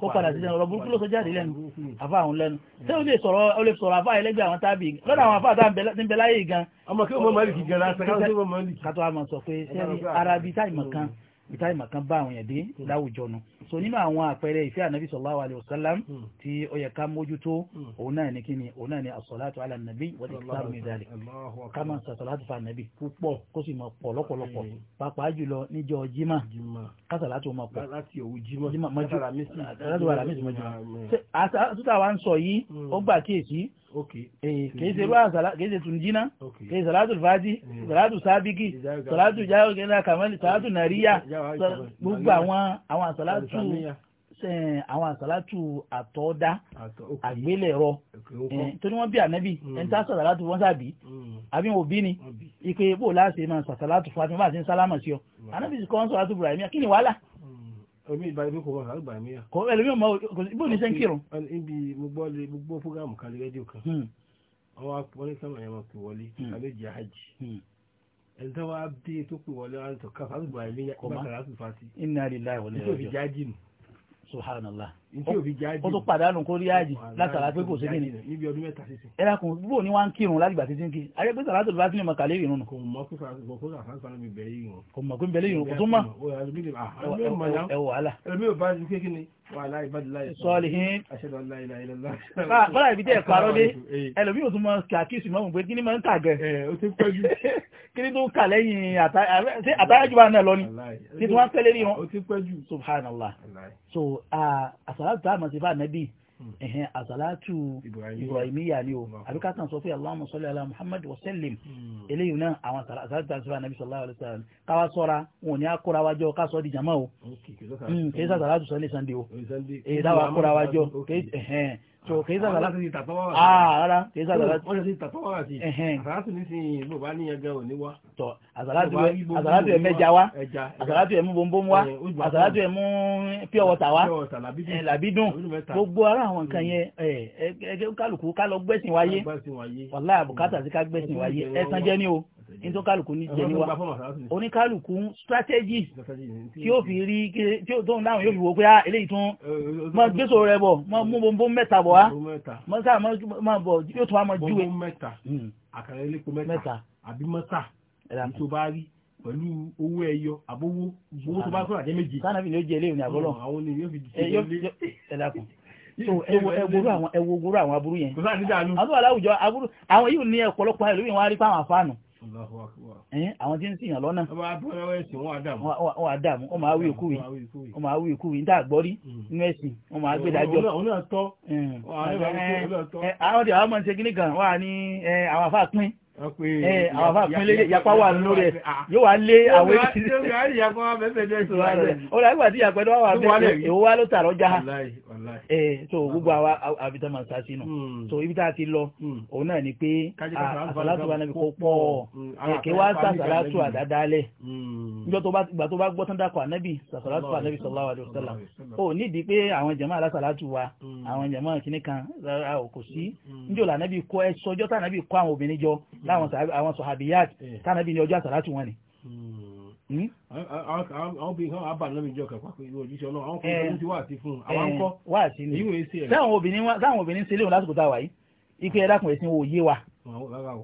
S2: kó padà sí lẹ́nu ọ̀rọ̀ burúkú ló sọ jáde lẹ́nu hmm. àfà àwọn lẹ́nu tí ó hmm. lè sọ̀rọ̀ o lè sọ̀rọ̀ àfà ẹlẹ́gbẹ́ àwọn tábì lọ́dọ̀ àwọn àfà tá ń bẹ láyé gan. ọmọ kí ọmọ mọ̀lì kì gan-an sọ káwọn o mọ̀ mọ̀lì. kátó a máa sọ pé sẹ́ni arabi táìmọ̀ kan hmm ìta ìmọ̀kan bá àwọn èèyàn dé hmm. láwùjọ nu so nínú àwọn àpẹẹrẹ ìfẹ́ ànábì sallallahu alayhi wa sallam hmm. tí ó yẹ ká mójútó hmm. òun náà ní kíni òun náà ní as-salatu ala an-nabi wal iktharu min dhalik ká máa sàṣàlátù fa ànábì púpọ̀ kó sì máa pọ̀ lọ́pọ̀lọpọ̀ pàápàá jùlọ níjọ jimá kásàlátù máa pọ̀ láti òwú jimá mọ́jú àlàmísì mọ́jú
S1: Eh,
S2: kìí ṣe ruwa kìí ṣe tunjina kìí salatu fati salatu sabiki salatu jawo kìí kamali salatu nariya gbogbo àwọn àwọn salatu àwọn àsálàtù àtọ́dá àgbélẹ̀rọ eh, tó ní wọ́n bí ànábì hmm. ẹni tá sàsálàtù wọ́n sàbí hmm. àbí wọn òbí ni ipe bó láti máa sàsálàtù fún àti wọn bá ti ń sálámà sí ọ ànábì sì kọ́ ń sàsálàtù Ibrahim kí ni wàhálà
S1: omi ìbá ibi kò wà àgbà mi à. kò ẹlòmí ọmọ ìbò ní sẹ́ ń kírun. ibi gbogbo fúgàmù kan rédíò kan àwọn akọni sábà yẹn máa pè wọlé àbẹ́jì hmm. àjì hmm. ẹni tó wá bí tó pè wọlé wọn tó káfà àgbà mi bàtàrà àti fàtì. inna lillahi wa inna ilaihi raji'un subhanallah ó tó pàdánù kó rí àjì látara pé kò sí kí ni
S2: ẹ dákun bó ni wá ń kírun láti gbà títí ń kí ayé pé sàrà tó bá sílẹ̀ mọ kàlẹ́
S1: ìrún nù. kò mọ kó sàrà mi bẹ̀rẹ̀ yìí wọn. kò mọ kó bẹ̀rẹ̀ yìí wọn kò tó mọ. ẹ wọ ala. ẹ mi ò bá ju kékeré wàhálà ìbádìláyè. sọ́ọ̀lì hin. bọ́lá ibi tẹ́ ẹ̀ parọ́ dé
S2: ẹlòmíì ò tún mọ kàkíyèsí mọ́ pé kí ni máa ń kà gẹ̀. kí ni tó ń kà lẹ́yìn àtàyàjú wa náà lọ ni. kí ni wọ́n tẹ́lẹ̀ rí wọn. subhanallah. so àsàlátù tá a mọ̀ sí fún ànábì hmm. ẹ̀hẹ́n àsàlátù ibrahimiya ni o àbí ká tàn sọ pé allahumma salli ala muhammad wa sallim hmm. eléyìí náà àwọn àsàlátù tá a sọ fún ànábì sallallahu alaihi wasallam káwa sọ́ra wọn ni a kóra wájọ ká sọ di jama o
S1: kì í sàsàlátù
S2: sọ́lé sànde o èyí táwa kóra wájọ so ah, kìí sàgbà ah, láti ní tàtọ́wà sí ààrá kìí sàgbà láti wọ́n
S1: ṣe sí tàtọ́wà sí àsàlátù ní sí ìlú bá ní ẹgbẹ́ òní wá tọ́ àsàlátù ẹ̀ mẹ́ja wá àsàlátù ẹ̀ mú bombom wá àsàlátù ẹ̀ mú pure water wá làbídùn gbogbo ara àwọn nǹkan mm. yẹn
S2: ẹgbẹ́ kálukú ká lọ gbẹ́sìn wáyé wàlá àbùkátà sí ká gbẹ́sìn wáyé ẹ̀sán jẹ́ ní o nítorí kálukú ní jẹ níwá oníkálukú strategy tí ó fi rí tí ó tóun dáhùn yóò fi wò pé á ah, eléyìí tún mọ gbèsò rẹ bọ mọ mú bombo mẹ́ta bọ wá
S1: mọ sáà mọ bọ yóò tún wá mọ júwe. bombo mẹ́ta hmm. àkàrà elépo mẹ́ta àbí mọ́tà tó bá rí pẹ̀lú owó ẹyọ àbówó owó tó bá kọ́ àjẹ́ méje.
S2: sanabi ni ó jẹ eléyìí ní àbọ̀lọ̀ àwọn ogoro àwọn aburú yẹn àwọn yìí ní ọ̀pọ̀lọpọ̀ ẹlòmíì wọn á rí fáwọn àfáànù ẹ̀yìn àwọn tí ń sìyàn lọ́nà wọ́n àdàmú wọ́n máa wí ìkúwì wọ́n máa wí ìkúwì níta àgbọ́rí mm. nínú ẹ̀sìn wọ́n máa gbé dájọ́ àwọn tí àwọn máa ń ṣe kíní kan wà ní àwọn àfáà pín àwọn afẹ́lẹ́ yapa wà lórí ẹ̀ yóò wá lé àwọn
S1: ènìyàn ọ̀rọ̀ àgbà tí yàpẹ́ lọ́wọ́ àbẹ́ èwo wá ló tààrọ̀ já
S2: so gbogbo àwa àbítọ́ máa sá sínú hmm. so ibi tá a ti lọ hmm. òun náà ni pé àsàlátù wa náà kó pọ̀ èké hmm. wá sàsàlátù àdádálẹ̀ níjọ́ ìgbà tó bá gbọ́tán dákọ̀ ànábì sàsàlátù ànábì sallallahu alaihi wasallam ó nídìí pé àwọn jàmáà alásàlátù wa àwọn jàmáà kìnnìkan rárá láwọn àwọn sọ̀hábíyàt eh. tánàbí ní ọjọ́ àsàlátù wọn ni. Hmm. Hmm?
S1: àwọn obìnrin kan àbà náà mi jọ kàpá pé ìwé òjíṣẹ́ ọlọ́run àwọn kan eh. ti wá àti fún un àwọn ń eh. kọ́ wá àti ní ìwé sí ẹ̀. táwọn obìnrin ń ṣe
S2: léwu lásìkò tá a wà yìí ike ẹ dákun ẹ̀sìn òye wa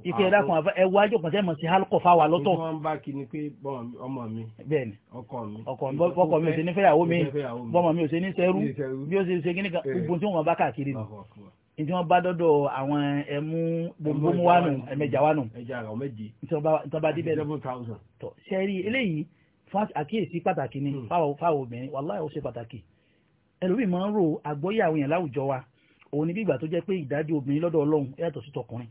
S2: ike ẹ dákun ẹ wá jọ kàn sẹ́mọ̀ sí alukọ̀ fáwa lọ́tọ̀.
S1: wọ́n bá kí ni pé ọmọ mi ọkọ mi ọkọ mi ò ṣe ní fẹ́yàwó mi bọ́mọ mi ò ṣe ní sẹ́rú bí ó ṣe ṣe kí ni gbogbo tí
S2: wọ́n bá káàkiri nù ìtí wọ́n bá dọ́dọ̀ àwọn ẹmú gbogbo wa nù ẹ̀mẹjà wa nù ìtọ́ bá dé bẹ́ẹ̀ tọ́ sẹ́rí eléyìí fún àkíyèsí pàtàkì ni hmm. fáwọn obìnrin wàláhì ó ṣe pàtàkì ẹlòmíì máa ń rò àgbọ́yé àwọn èèyàn láwùjọ wa òun ni bí ìgbà tó jẹ́ pé ìdájọ́ obìnrin lọ́dọ̀ ọlọ́run yàtọ̀ sí tọkùnrin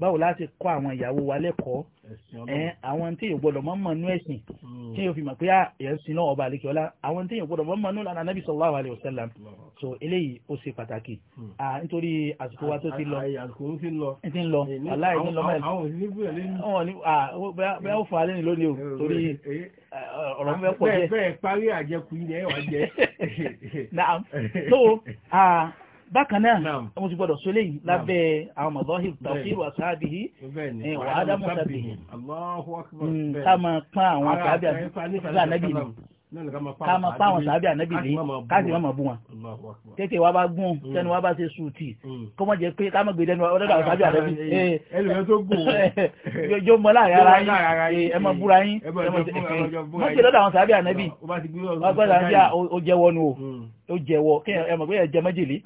S2: báwo láti kọ́ àwọn ìyàwó wa lẹ́kọ̀ọ́ àwọn tí yóò gbọ́dọ̀ mọ́mọ́ nú ẹ̀sìn hmm. tí yóò fi mọ̀ pé ah, ẹ̀sìn náà ọba àlekè ọlá àwọn tí yóò gbọ́dọ̀ mọ́mọ́ nú lànà nàbì sallallahu alaihi wasallam so eléyìí ó ṣe pàtàkì hmm. nítorí àsìkò wa tó ti lọ
S1: ti ń lọ aláì ní lọ́mọ́ ẹ̀
S2: bẹ́ẹ̀ ó fà á lẹ́nu lónìí o torí ọ̀rọ̀ mi bẹ́ẹ̀ pọ̀ jẹ́ bẹ́ẹ̀
S1: parí àjẹkù
S2: bákan náà wọ́n ti gbọ́dọ̀ sólé yìí lábẹ́ àwọn mọ̀lọ́hìn tàfíìrù
S1: àsáàbìhì wà á dámọ̀ sábìhì ká máa pán àwọn sàábì ànábì ni ká máa pán àwọn sàábì ànábì ni ká sì máa bú wọn
S2: kéèké wa bá gún hmm. tẹnu wa bá ṣe sùúrùtì hmm. kó mọ̀ jẹ́ pé ká mọ̀ gbé tẹnu wa ọ̀dọ́dọ̀ àwọn sàábì ànábì jọjọ eh. mọ láàrin yín eh, ẹ mọ búra yín mọ̀ sí eh, lọ́dọ̀ àwọn sàábì ànábì ó jẹwọ ẹmọ pé ẹjẹ májèlé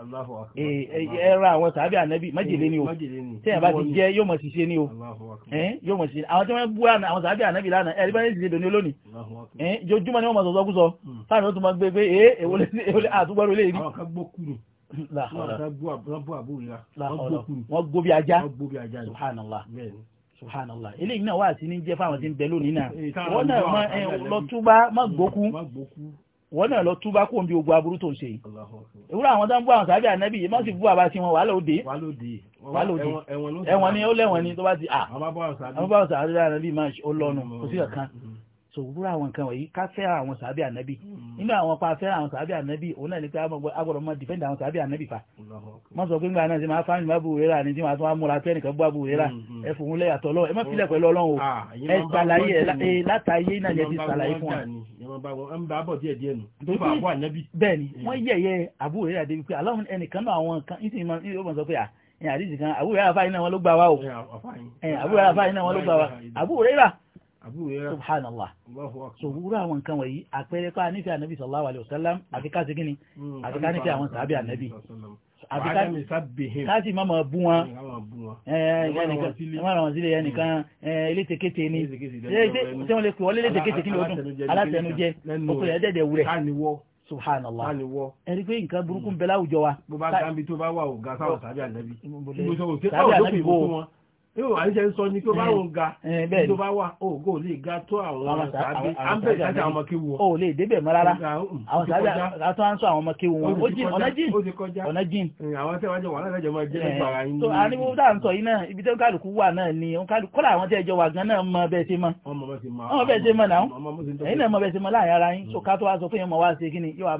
S2: ẹra àwọn sàábì ànábì májèlé ni o
S1: tẹ́yìn bá ti jẹ
S2: yóò mọ̀ sí ṣe ni o yóò mọ̀ sí àwọn tí wọ́n bú àwọn sàábì ànábì lánàá ẹ̀rí bẹ́ẹ̀ ṣiṣẹ́ dòní olónìí jojúmọ́ ni wọ́n mọ̀ sọ̀sọ́ kú sọ káàdì hmm. ó tún máa gbé pé ee èwo lè àtúgbọ́rò lè rí. àwọn kan gbó kúrò wọ́n gbó bí ajá subhanallah subhanallah eléyìí náà wà sí ní jẹ́ fáwọn tí ń bẹ lónìí náà wọ́n náà lọ túbá má gbókú wọ́n náà lọ túbá kó ń bí ogun aburú tó ń ṣe yìí ìwúrọ̀ àwọn tó ń bú àwọn sábẹ́ ànábì yìí má sì bú àbá sí wọn wà lóde
S1: ẹ̀wọ̀n ni ó lẹ́wọ̀n ni tó bá ti à àwọn bá
S2: sábẹ́ ànábì máa ó lọ́nu kò sí kankan mm-hmm. so ìwúrọ̀ àwọn nǹkan wọ̀nyí ká fẹ́ àwọn sábẹ́ ànábì mm-hmm. nínú àwọn pa fẹ́ àwọn sábẹ́ ànábì òun náà ni pé agbọ̀dọ̀ mọ dìfẹ́ndì àwọn sábẹ́ ànábì fa má sọ pé ńgbà náà ti máa fáwọn ìmọ̀ àbúrò rẹ̀ ni tí wọ́n á múra pé ẹnìkan bú àbúrò rẹ̀ mm-hmm. ẹ fòun lẹ́yàtọ̀ lọ́wọ́ ẹ má filẹ̀ oh. pẹ̀lú ọlọ́run o ah, ẹ gbàlàyé eh, látàyé náà ni ti ṣàlàyé fún wa
S1: ń bá bọ̀ díẹ̀ díẹ̀ nù tó bá àbọ̀ ànábì.
S2: bẹ́ẹ̀ni wọn àbúrò rẹ àdébi pé aláwọn ẹnìkan náà àwọn kan ìsìn máa ń sọ kan àbúrò rẹ àfáàyè náà wọn ló gbà wá o àbúrò rẹ àfáàyè náà wọn ló gbà wá àbúrò rẹ rà subhanallah so wúrú àwọn nǹkan wọ̀nyí àpẹẹrẹ pa nífẹ̀ẹ́ ànábì sallallahu alaihi wasallam àti káàtì má máa bú wọn
S3: ẹ̀ẹ́dẹ̀kan wọn sílẹ̀ ẹnìkan
S2: elétekéte ni ṣé wọ́n lè pè wọ́n létekéte kí ló dùn alátẹnujẹ òkè ẹ̀ẹ́dẹ̀dẹ̀ wúrẹ̀ subhanallah ẹni pé nǹkan burúkú ń bẹ láwùjọ wa. bó bá dábì tó
S1: bá wà ó ga sáwọn sábì ànábì. sábì ànábì bò yóò àníṣe ń sọ ní tó bá eh, wọn ga eh, tó bá wà ògo lè ga tó àwọn sàbí àmbẹ̀rẹ̀ àti àwọn ọmọkéwu wọn. o lè débẹ̀ mọ́ rárá àwọn sàbí
S2: àtọ́ à ń sọ àwọn ọmọkéwu wọn ó jìn ọ̀nà
S1: jìn ọ̀nà jìn. Eh, àwọn tẹ́ wá jọ wà máa jẹ́ nípa ara yín. tó a ní
S2: wọ́n dà sọ yìí náà ibi tó ń kálukú wà náà ni kọ́lá àwọn tẹ́ ẹjọ́ wà gan náà mọ bẹ́ẹ̀ ṣe mọ́.
S1: ọmọ bẹ́ẹ̀ ṣe
S2: mọ́ náà ẹ̀yin so mm. ká tó wá sọ fún yẹn mọ́ wá ṣe kí ni yóò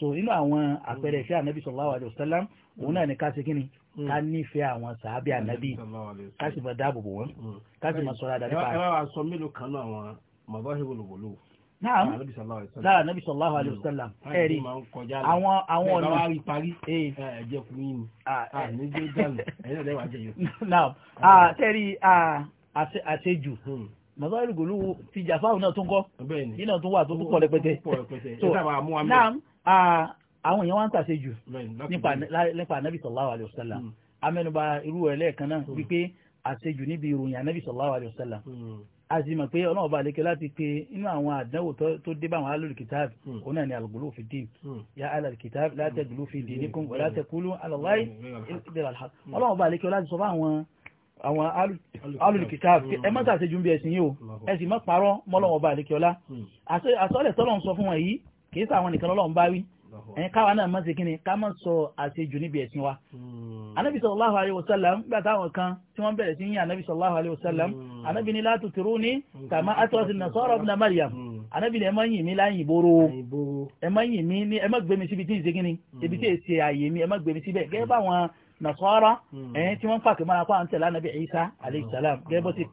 S2: so inú àwọn àpẹẹrẹ mm. ìfẹ́ ànábì sallallahu alaihi wasallam òun náà ní ká hmm. nífẹ̀ẹ́ àwọn sàábì ànábì ká sì máa dáàbò bò wọ́n hmm. ká sì máa sọ̀rọ̀ àdá nípa. ẹ
S1: wá sọ mélòó kan náà àwọn màbá ṣe wòlòwòlò. náà lára ànábì sallallahu alaihi hmm. wasallam ẹ rí àwọn àwọn ọ̀nà. ẹ bá wá rí parí ẹ jẹ fún yín ni ah, ah, eh. níjó dànù ẹ̀yìn ọ̀dẹ́ wàá jẹ yòókù. náà ah.
S2: tẹ́rí àṣejù màbá ìrìgòlù ti jàfáà náà tún kọ́ yìí náà tún wà tó kọ́ lẹ́pẹ́tẹ́ àwọn èèyàn wá ń tàṣe jù nípa anabi sallallahu alayhi wa sallam hmm. amẹnuba irú ẹ lẹ́ẹ̀kan náà hmm. wípé àṣejù níbi ìròyìn anabi sallallahu alayhi wa sallam azima hmm. pé ọlọ́run ọba àlekẹ́ láti pe inú àwọn àdánwò tó dé bá àwọn alùkìtàb òun náà ni alùgbòlò fi dín ya alùkìtàb látẹ̀gbòlò fi dín ní kóńgò látẹ̀kúlù alọ́láì ọlọ́run ọba àlekẹ́ láti sọ fún àwọn àwọn alùlùkìtà ẹ má ṣàṣejù bí ẹ̀sìn yìí o ẹ sì má parọ́ mọ́lọ́wọ́ bá àdékíọ́lá àsọ́lẹ̀ tọ́lọ́run sọ fún wọn yìí kì í ṣàwọn nìkan lọ́lọ́run bá wí ẹ̀yìn káwa náà má ṣe kí ni ká má sọ àṣejù níbi ẹ̀sìn wa. anabi hmm. sallallahu alayhi wa sallam nígbà táwọn kan tí wọ́n bẹ̀rẹ̀ sí yín anabi sallallahu alayhi wa sallam anabi hmm. ni la tutiruni hmm. kama atrat an-nasara ibn maryam anabi ni ẹ má yìn mí láyìn ìboro ẹ má yìn mí ní ẹ síbi tí ń ṣe kí ni ibi tí èsì ààyè mi ẹ má síbẹ̀ gẹ́gẹ́ báwọn nasara ẹ̀yìn tí wọ́n pàkì mọ́ra kó à tẹ̀lé anabi isa alayhi salam gẹ́gẹ́ bó ti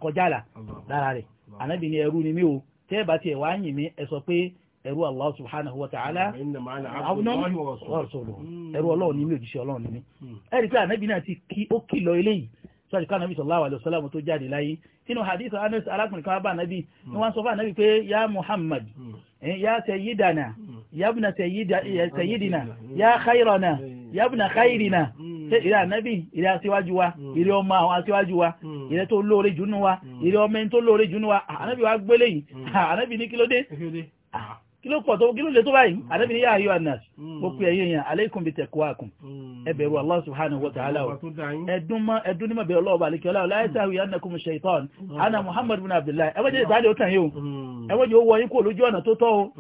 S2: anabi ni ẹrú ni mí ẹ̀rú Allah subhanahu wa ta'ala ẹ̀rú ọlọ́run hmm. ní mi òjíṣẹ́ ọlọ́run ní mi hmm. ẹ̀rí pé ànábì náà ti kí ó kìlọ̀ eléyìí sọ́ọ̀dì ká ànábì sallallahu alaihi wasallam tó jáde láyé nínú hadith anas arákùnrin kan bá ànábì hmm. ni wọ́n sọ fún ànábì pé ya muhammad eh, ya sayyidana ya ibna eh, sayyidina ya khayrana ya ibna khayrina ìrẹ́ ànábì ìrẹ́ aṣíwájú wa ìrẹ́ ọmọ àwọn aṣíwájú wa ìrẹ́ tó lóore jùnú wa ìrẹ́ ọmọ ẹni tó lóore jùnú wa ànábì wa gbélé yìí ànábì ní kílódé kí ló pọ̀ tó kí ló lè tó báyìí hmm. àdébìnrin yá ayọ́ anas ó hmm. pè ẹ̀yìn èèyàn aleikum bi tẹ̀kọ́àkùn hmm. ẹ bẹ̀rù Allah subhanahu wa ta'ala o ẹdún ní mọ̀bẹ̀rẹ̀ ọlọ́ọ̀bà alẹ́kẹ́ ọlá ọlá ẹ̀sẹ̀ àwọn yanakum shaitan ana muhammad bin abdullahi ẹwọ́jẹ́ ìtàlẹ̀ ó tàn yóò ẹwọ́jẹ́ ó wọ yín kó lójú ọ̀nà tó tọ́ o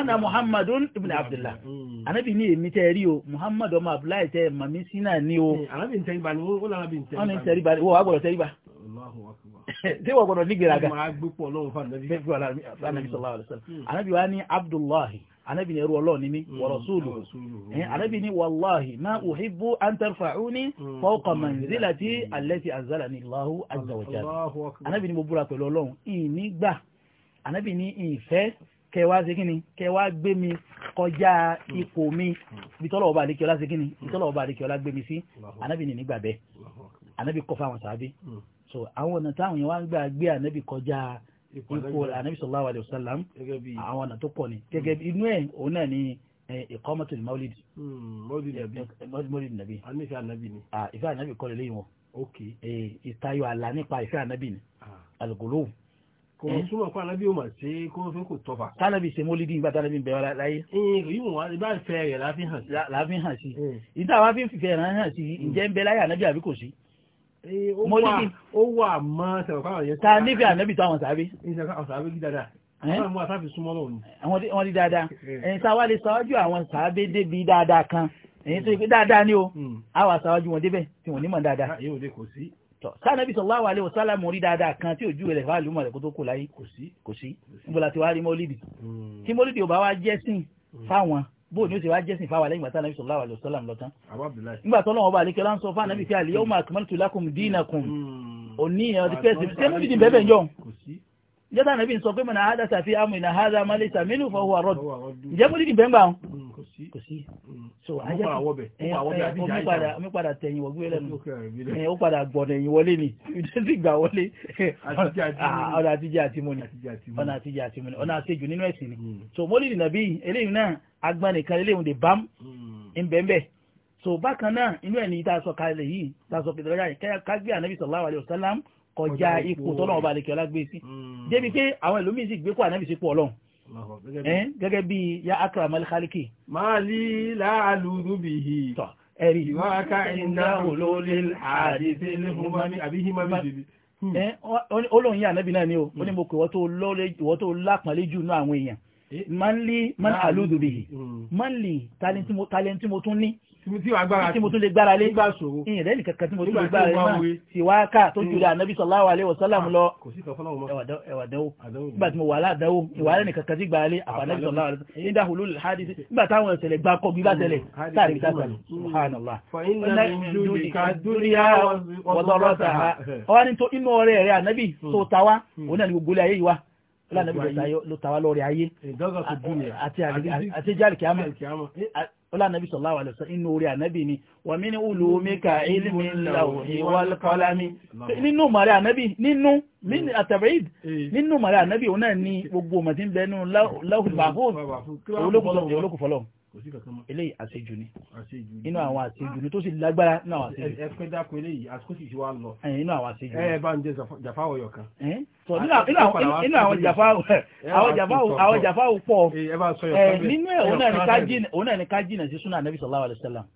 S2: ana muhammad bin abdullahi anabi ni èmi tẹ́ rí o muhammad ọmọ abdullahi tẹ́ mami sínà ni o ọ̀nà ìtẹ̀ríba ni wọ́n wá gbọ́dọ̀ tẹ̀ríba tí wọ́n gbọ́dọ̀ nígbèrágá anábì wa ní abdullahi anábì ní ẹrú ọlọ́ọ̀ni ní hmm. wa rasuluhu anábì ní wallahi ma uhibbu an tarfa'uni hmm. fawqa manzilati hmm. allati anzalani Allahu azza wa jalla anábì ní mo búra pẹ̀lú ọlọ́run ìnígbà anábì ní ìfẹ́ kẹwa ṣe kíni kẹwa gbé mi kọjá ipò mi bitọ́lọ̀ ọba àdékẹ́ọ́lá ṣe kíni bitọ́lọ̀ ọba àdékẹ́ọ́lá gbé mi sí anábì ní nígbà bẹ́ẹ̀ anábì kọ́ fáwọn sàábí so àwọn ọ̀nà táwọn yẹn wá ń gbà gbé ànábì kọjá ipò ànábì sallallahu alayhi wa àwọn ọ̀nà tó pọ̀ ni gẹ́gẹ́ bí inú ẹ̀ òun náà ni ìkọ́mọ̀tò ní maulid hmm, maulid nabi ìfẹ́ ànábì ni ìfẹ́ ànábì kọ́ lélẹ́yìn wọn ìtayọ̀ àlá nípa ìfẹ́ ànábì ni alugolo
S1: kò súnmọ́ kó alábí ó mà ṣe kó fẹ́ kò tọ́fà.
S2: tálábì ṣe mólídì nígbà tálábì ń bẹ wá láyé. yíwọ̀n wá ibà fẹ́ rẹ̀ láfi hàn sí. láfi hàn sí. ìdá wa fi ń fìfẹ́ rẹ̀ hàn sí hmm. ǹjẹ́ ń bẹ láyé ànábì àbí
S1: ó
S2: wà mọ́ sẹ̀rọ̀fáwọn yẹn. ta níbi ànábì tó àwọn sàábé. àwọn sàábé rí dáadáa wọ́n rí dáadáa ẹ̀yìn sáwá lè sáwájú àwọn sàábé débi dáadáa kan ẹ̀yìn tó yẹ pé dáadáa ni o àwọn hmm. àsáwájú wọn débẹ̀ tí wọ́n nímọ̀ dáadáa. Ah, sànàbí sallallahu alaihi wasallam rí dáadáa kan tí ojú rẹ̀ fáàlú mọ̀lẹ́ kó tó kù láyé kò sí níbo la ti wá rí mọ́lídì hmm. tí mọ́lídì ò bá wá jẹ́ sìn hmm. fáwọn bó ni ó ti wá jẹ́sìn fáwa lẹ́yìn gbàtà nàbí sallallahu alaihi wasallam lọ́tán nígbà tó lọ́wọ́ bá àlékẹ́ láńsọ fún ànábì fi al-yawma akmaltu lakum dinakum hmm. òní ìyẹn ọdí pẹ́sì tẹ́lifíṣìn bẹ́ẹ̀ bẹ́ẹ̀ jọ jẹ́ta nàbí sọ pé mọ̀nà hada safi amu ina hada mali saminu sàmínú fọwọ́ àrọ́dù ìjẹ́ mú dìkì bẹ́ngbà wọn
S3: mm, kò sí mm. so mi padà tẹ̀yìn
S2: wọ̀gbé lẹ́nu ó padà gbọ̀nà ẹ̀yìn wọlé ni ìdẹ́sí gbà wọlé ah, ọ̀nà àtijọ́ àti mọ́ni ọ̀nà àtijọ́ àti mọ́ni ọ̀nà àtijọ́ nínú ẹ̀sìn ni mm. so mọ́lì nàbí eléyìí náà agbanìkan eléyìí dè bám ńbẹ̀ńbẹ̀ so bákan náà inú ẹ̀ ní tá a sọ kalẹ̀ yìí tá a sọ pẹ̀lú yìí ká gbé ànábì sallallahu alaihi wasallam kọjá ipò tọ́lọ́wọ́ bá lẹ́kẹ̀ọ́ lágbé sí hmm. débi pé àwọn ìlú mi sì gbé kó ànábì sípò ọlọ́run gẹ́gẹ́ bí
S1: ya akra malikhaliki. máa lí láàlúdú bì í. tọ ẹrí. ìwà ká iná olóòlì àdìsí lẹ́fúnmá hmm. ní àbí hímá méjèèjì.
S2: olóhùn yà ànábì náà ni o ó ní hmm. mo pè wọ́n tó lápàlẹ́ jù náà àwọn èèyàn. máa lí máa àlúdú bì í. máa mo tún ní tí mo tún lè gbára lé ìyẹn lẹ́nì kankan tí mo tún lè gbára lé náà sì wá ká tó jùlọ ànábì sallallahu alaihi wasallam ah, lọ ẹ̀wàdánwò nígbà tí mo wà ládánwò ìwà lẹ́nì kankan tí gbára lé àbánábì sallallahu alaihi wasallam nígbà hulul hadith nígbà táwọn ẹ̀sẹ̀lẹ̀ gbá kọ́ gbígbá tẹ̀lẹ̀ láàrin ìta hmm. tẹ̀lẹ̀ subhanallah ọwọ́ ni tó inú ọrẹ rẹ ànábì hmm. tó tawa hmm. òun náà ni gbogbo ilé ayé yìí wá lánàbì ló tawa lórí ayé àti àti jáàlì kìámà ọlá nàbí sallallahu alaihi wasallam inú orí ànábì ni wà mí ní ulumika ilmi al-lawhi wal-qalami nínú mọ̀rẹ́ ànábì nínú àtàbíd hmm. hmm. nínú mọ̀rẹ́ ànábì òun náà ní gbogbo mọ̀tí ń bẹ nínú lawhul mahfuz hmm. olókùfọ́lọ́
S1: eléyìí àṣejù ni inú àwọn àṣejù ni tó sì lágbára inú àwọn àṣejù. ẹ pẹ́ dákun eléyìí àsìkò sì ti wá lọ. inú àwọn àṣejù. ẹ bá ń jẹ jàfá ọyọ kan. sọ nínú àwọn jàfá àwọn jàfá pọ̀ nínú ẹ̀
S2: òun náà ni ká jìnà sí súnà nàbì sallallahu alaihi wasallam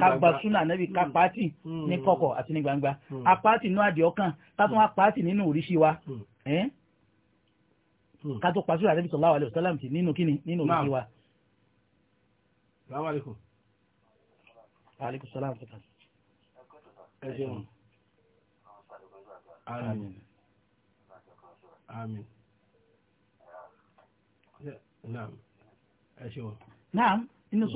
S2: ká gba súnà nàbì ká hmm. pàtì hmm. ní kọ̀kọ̀ àti ní gbangba hmm. apáàtì inú àdìọ́kàn ká tún wá pàtì nínú òríṣi wa ká tó pàṣẹ àdébìsọ̀lá wa lè sọ́lá nínú kíni nínú òríṣi wa. Assalamu alaikum. Alaikum salam.
S1: Ẹ ṣeun. Amin. Amin. Naam. Ẹ ṣeun.
S2: Naam, inú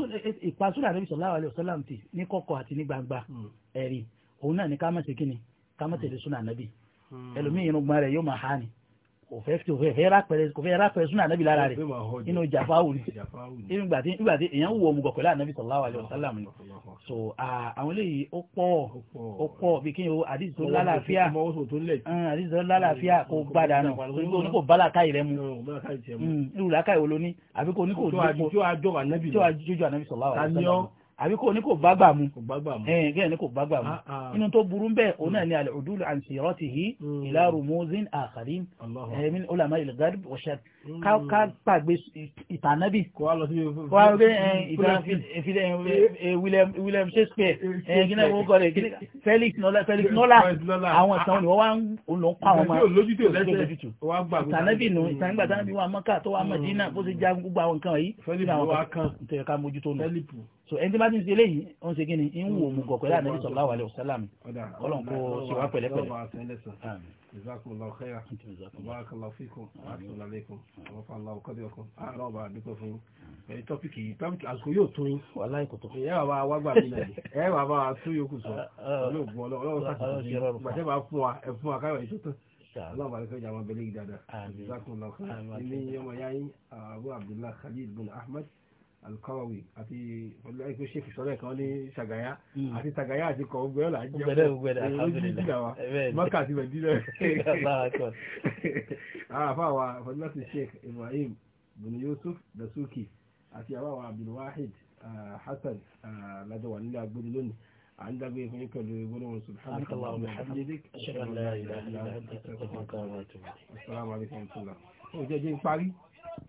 S2: ìpasúra Ànábì sallallahu alaihi wasallam ti ní kọ̀kọ̀ àti ní gbangba hmm. ẹ̀rí. Òun náà ni ká má ṣe kíni, ká má hmm. tẹ̀lé súnà Ànábì. Hmm. Ẹlòmíì irun gbọ́n rẹ̀ yóò máa há ni kò fẹ́ fi òfẹ́ fẹ́ rápẹ̀rẹ́ kò fẹ́ rápẹ̀rẹ́ súnà ànábì lára rẹ̀ inú jàfáwù ni nígbà tí nígbà tí èèyàn wò ọmọgọ̀ pẹ̀lú ànábì sallallahu alaihi wasallam ni so àwọn eléyìí ó pọ̀ ó pọ̀ bí kí n yóò àdìsí tó lálàáfíà àdìsí tó lálàáfíà kò gbàdà nù kò ní kò bálà káyì rẹ mu hmm, irú làákàyè wo ló ní àbí kò ní kò ní kò tó àjọjọ ànábì sallallahu alaihi wasallam àbí kò ní kò bá gbà mu ẹ̀ẹ́n gẹ́gẹ́ ní kò bá gbà mu ah, ah. inú tó burú bẹ́ẹ̀ òun náà mm. ni al-udul an siratihi mm. ila rumuzin akharin min ulama al-gharb wa shar mm. ká pàgbé ìtànábì kó a lọ sí ìtànábì eh, eh, William Shakespeare ẹ̀ẹ́n gíná wọ́n kọ́ rẹ̀ Felix Nola Felix Nola àwọn ìtàn ni wọ́n wá ń lọ pa àwọn máa ìtànábì nù ìtànábì àtànábì wà Mọ́kà tó wà Mẹ́dínà bó ti já gbogbo àwọn nǹkan yìí so ẹni tí bá ti ń ṣe eléyìí ó ń ṣe kíni ń wò mú gọ̀ pẹ̀lú ànábì sallallahu alaihi wasallam ọlọ́run kó ṣe wá pẹ̀lẹ́pẹ̀lẹ́
S1: ẹ tọpiki tọpiki àsìkò yóò tún yín wàhálà ìkòtò ẹ wà bá wá gbà mí lẹ ẹ wà bá wá tún yòókù sọ ọlọ́ọ̀gbọ́n ọlọ́wọ́ sàkóso gbàtẹ́ bá fún wa ẹ fún wa káyọ̀ ìṣòtò Allah bá rẹ̀kọ́ ìjàmọ́ abẹ́lé ìdádá. Ìzákùnlọ́kọ́. Ilé ọmọ yáyí Abu Abdullah Khalid bin Ahmad alukọ́wé àti ọlọ́ọ̀kọ́ ṣèkì sọ́lẹ̀ kan ní ṣàgáyà mm. àti ṣàgáyà àti kọ̀ ọgbẹ́ ọ̀là jẹ́ ọgbẹ́dẹ́ ọgbẹ́dẹ́ alhamdulilayi mọ́kà àti mẹ́dílẹ̀ àfàwà fọlọ́sì sheikh ibrahim bin yusuf dasuki àti àwàwà abdulwahid ah, hasan ah, lajọwà nílẹ̀ agbóni lónìí à ń dágbé fún yín pẹ̀lú gbólóhùn subhanahu wa ta'ala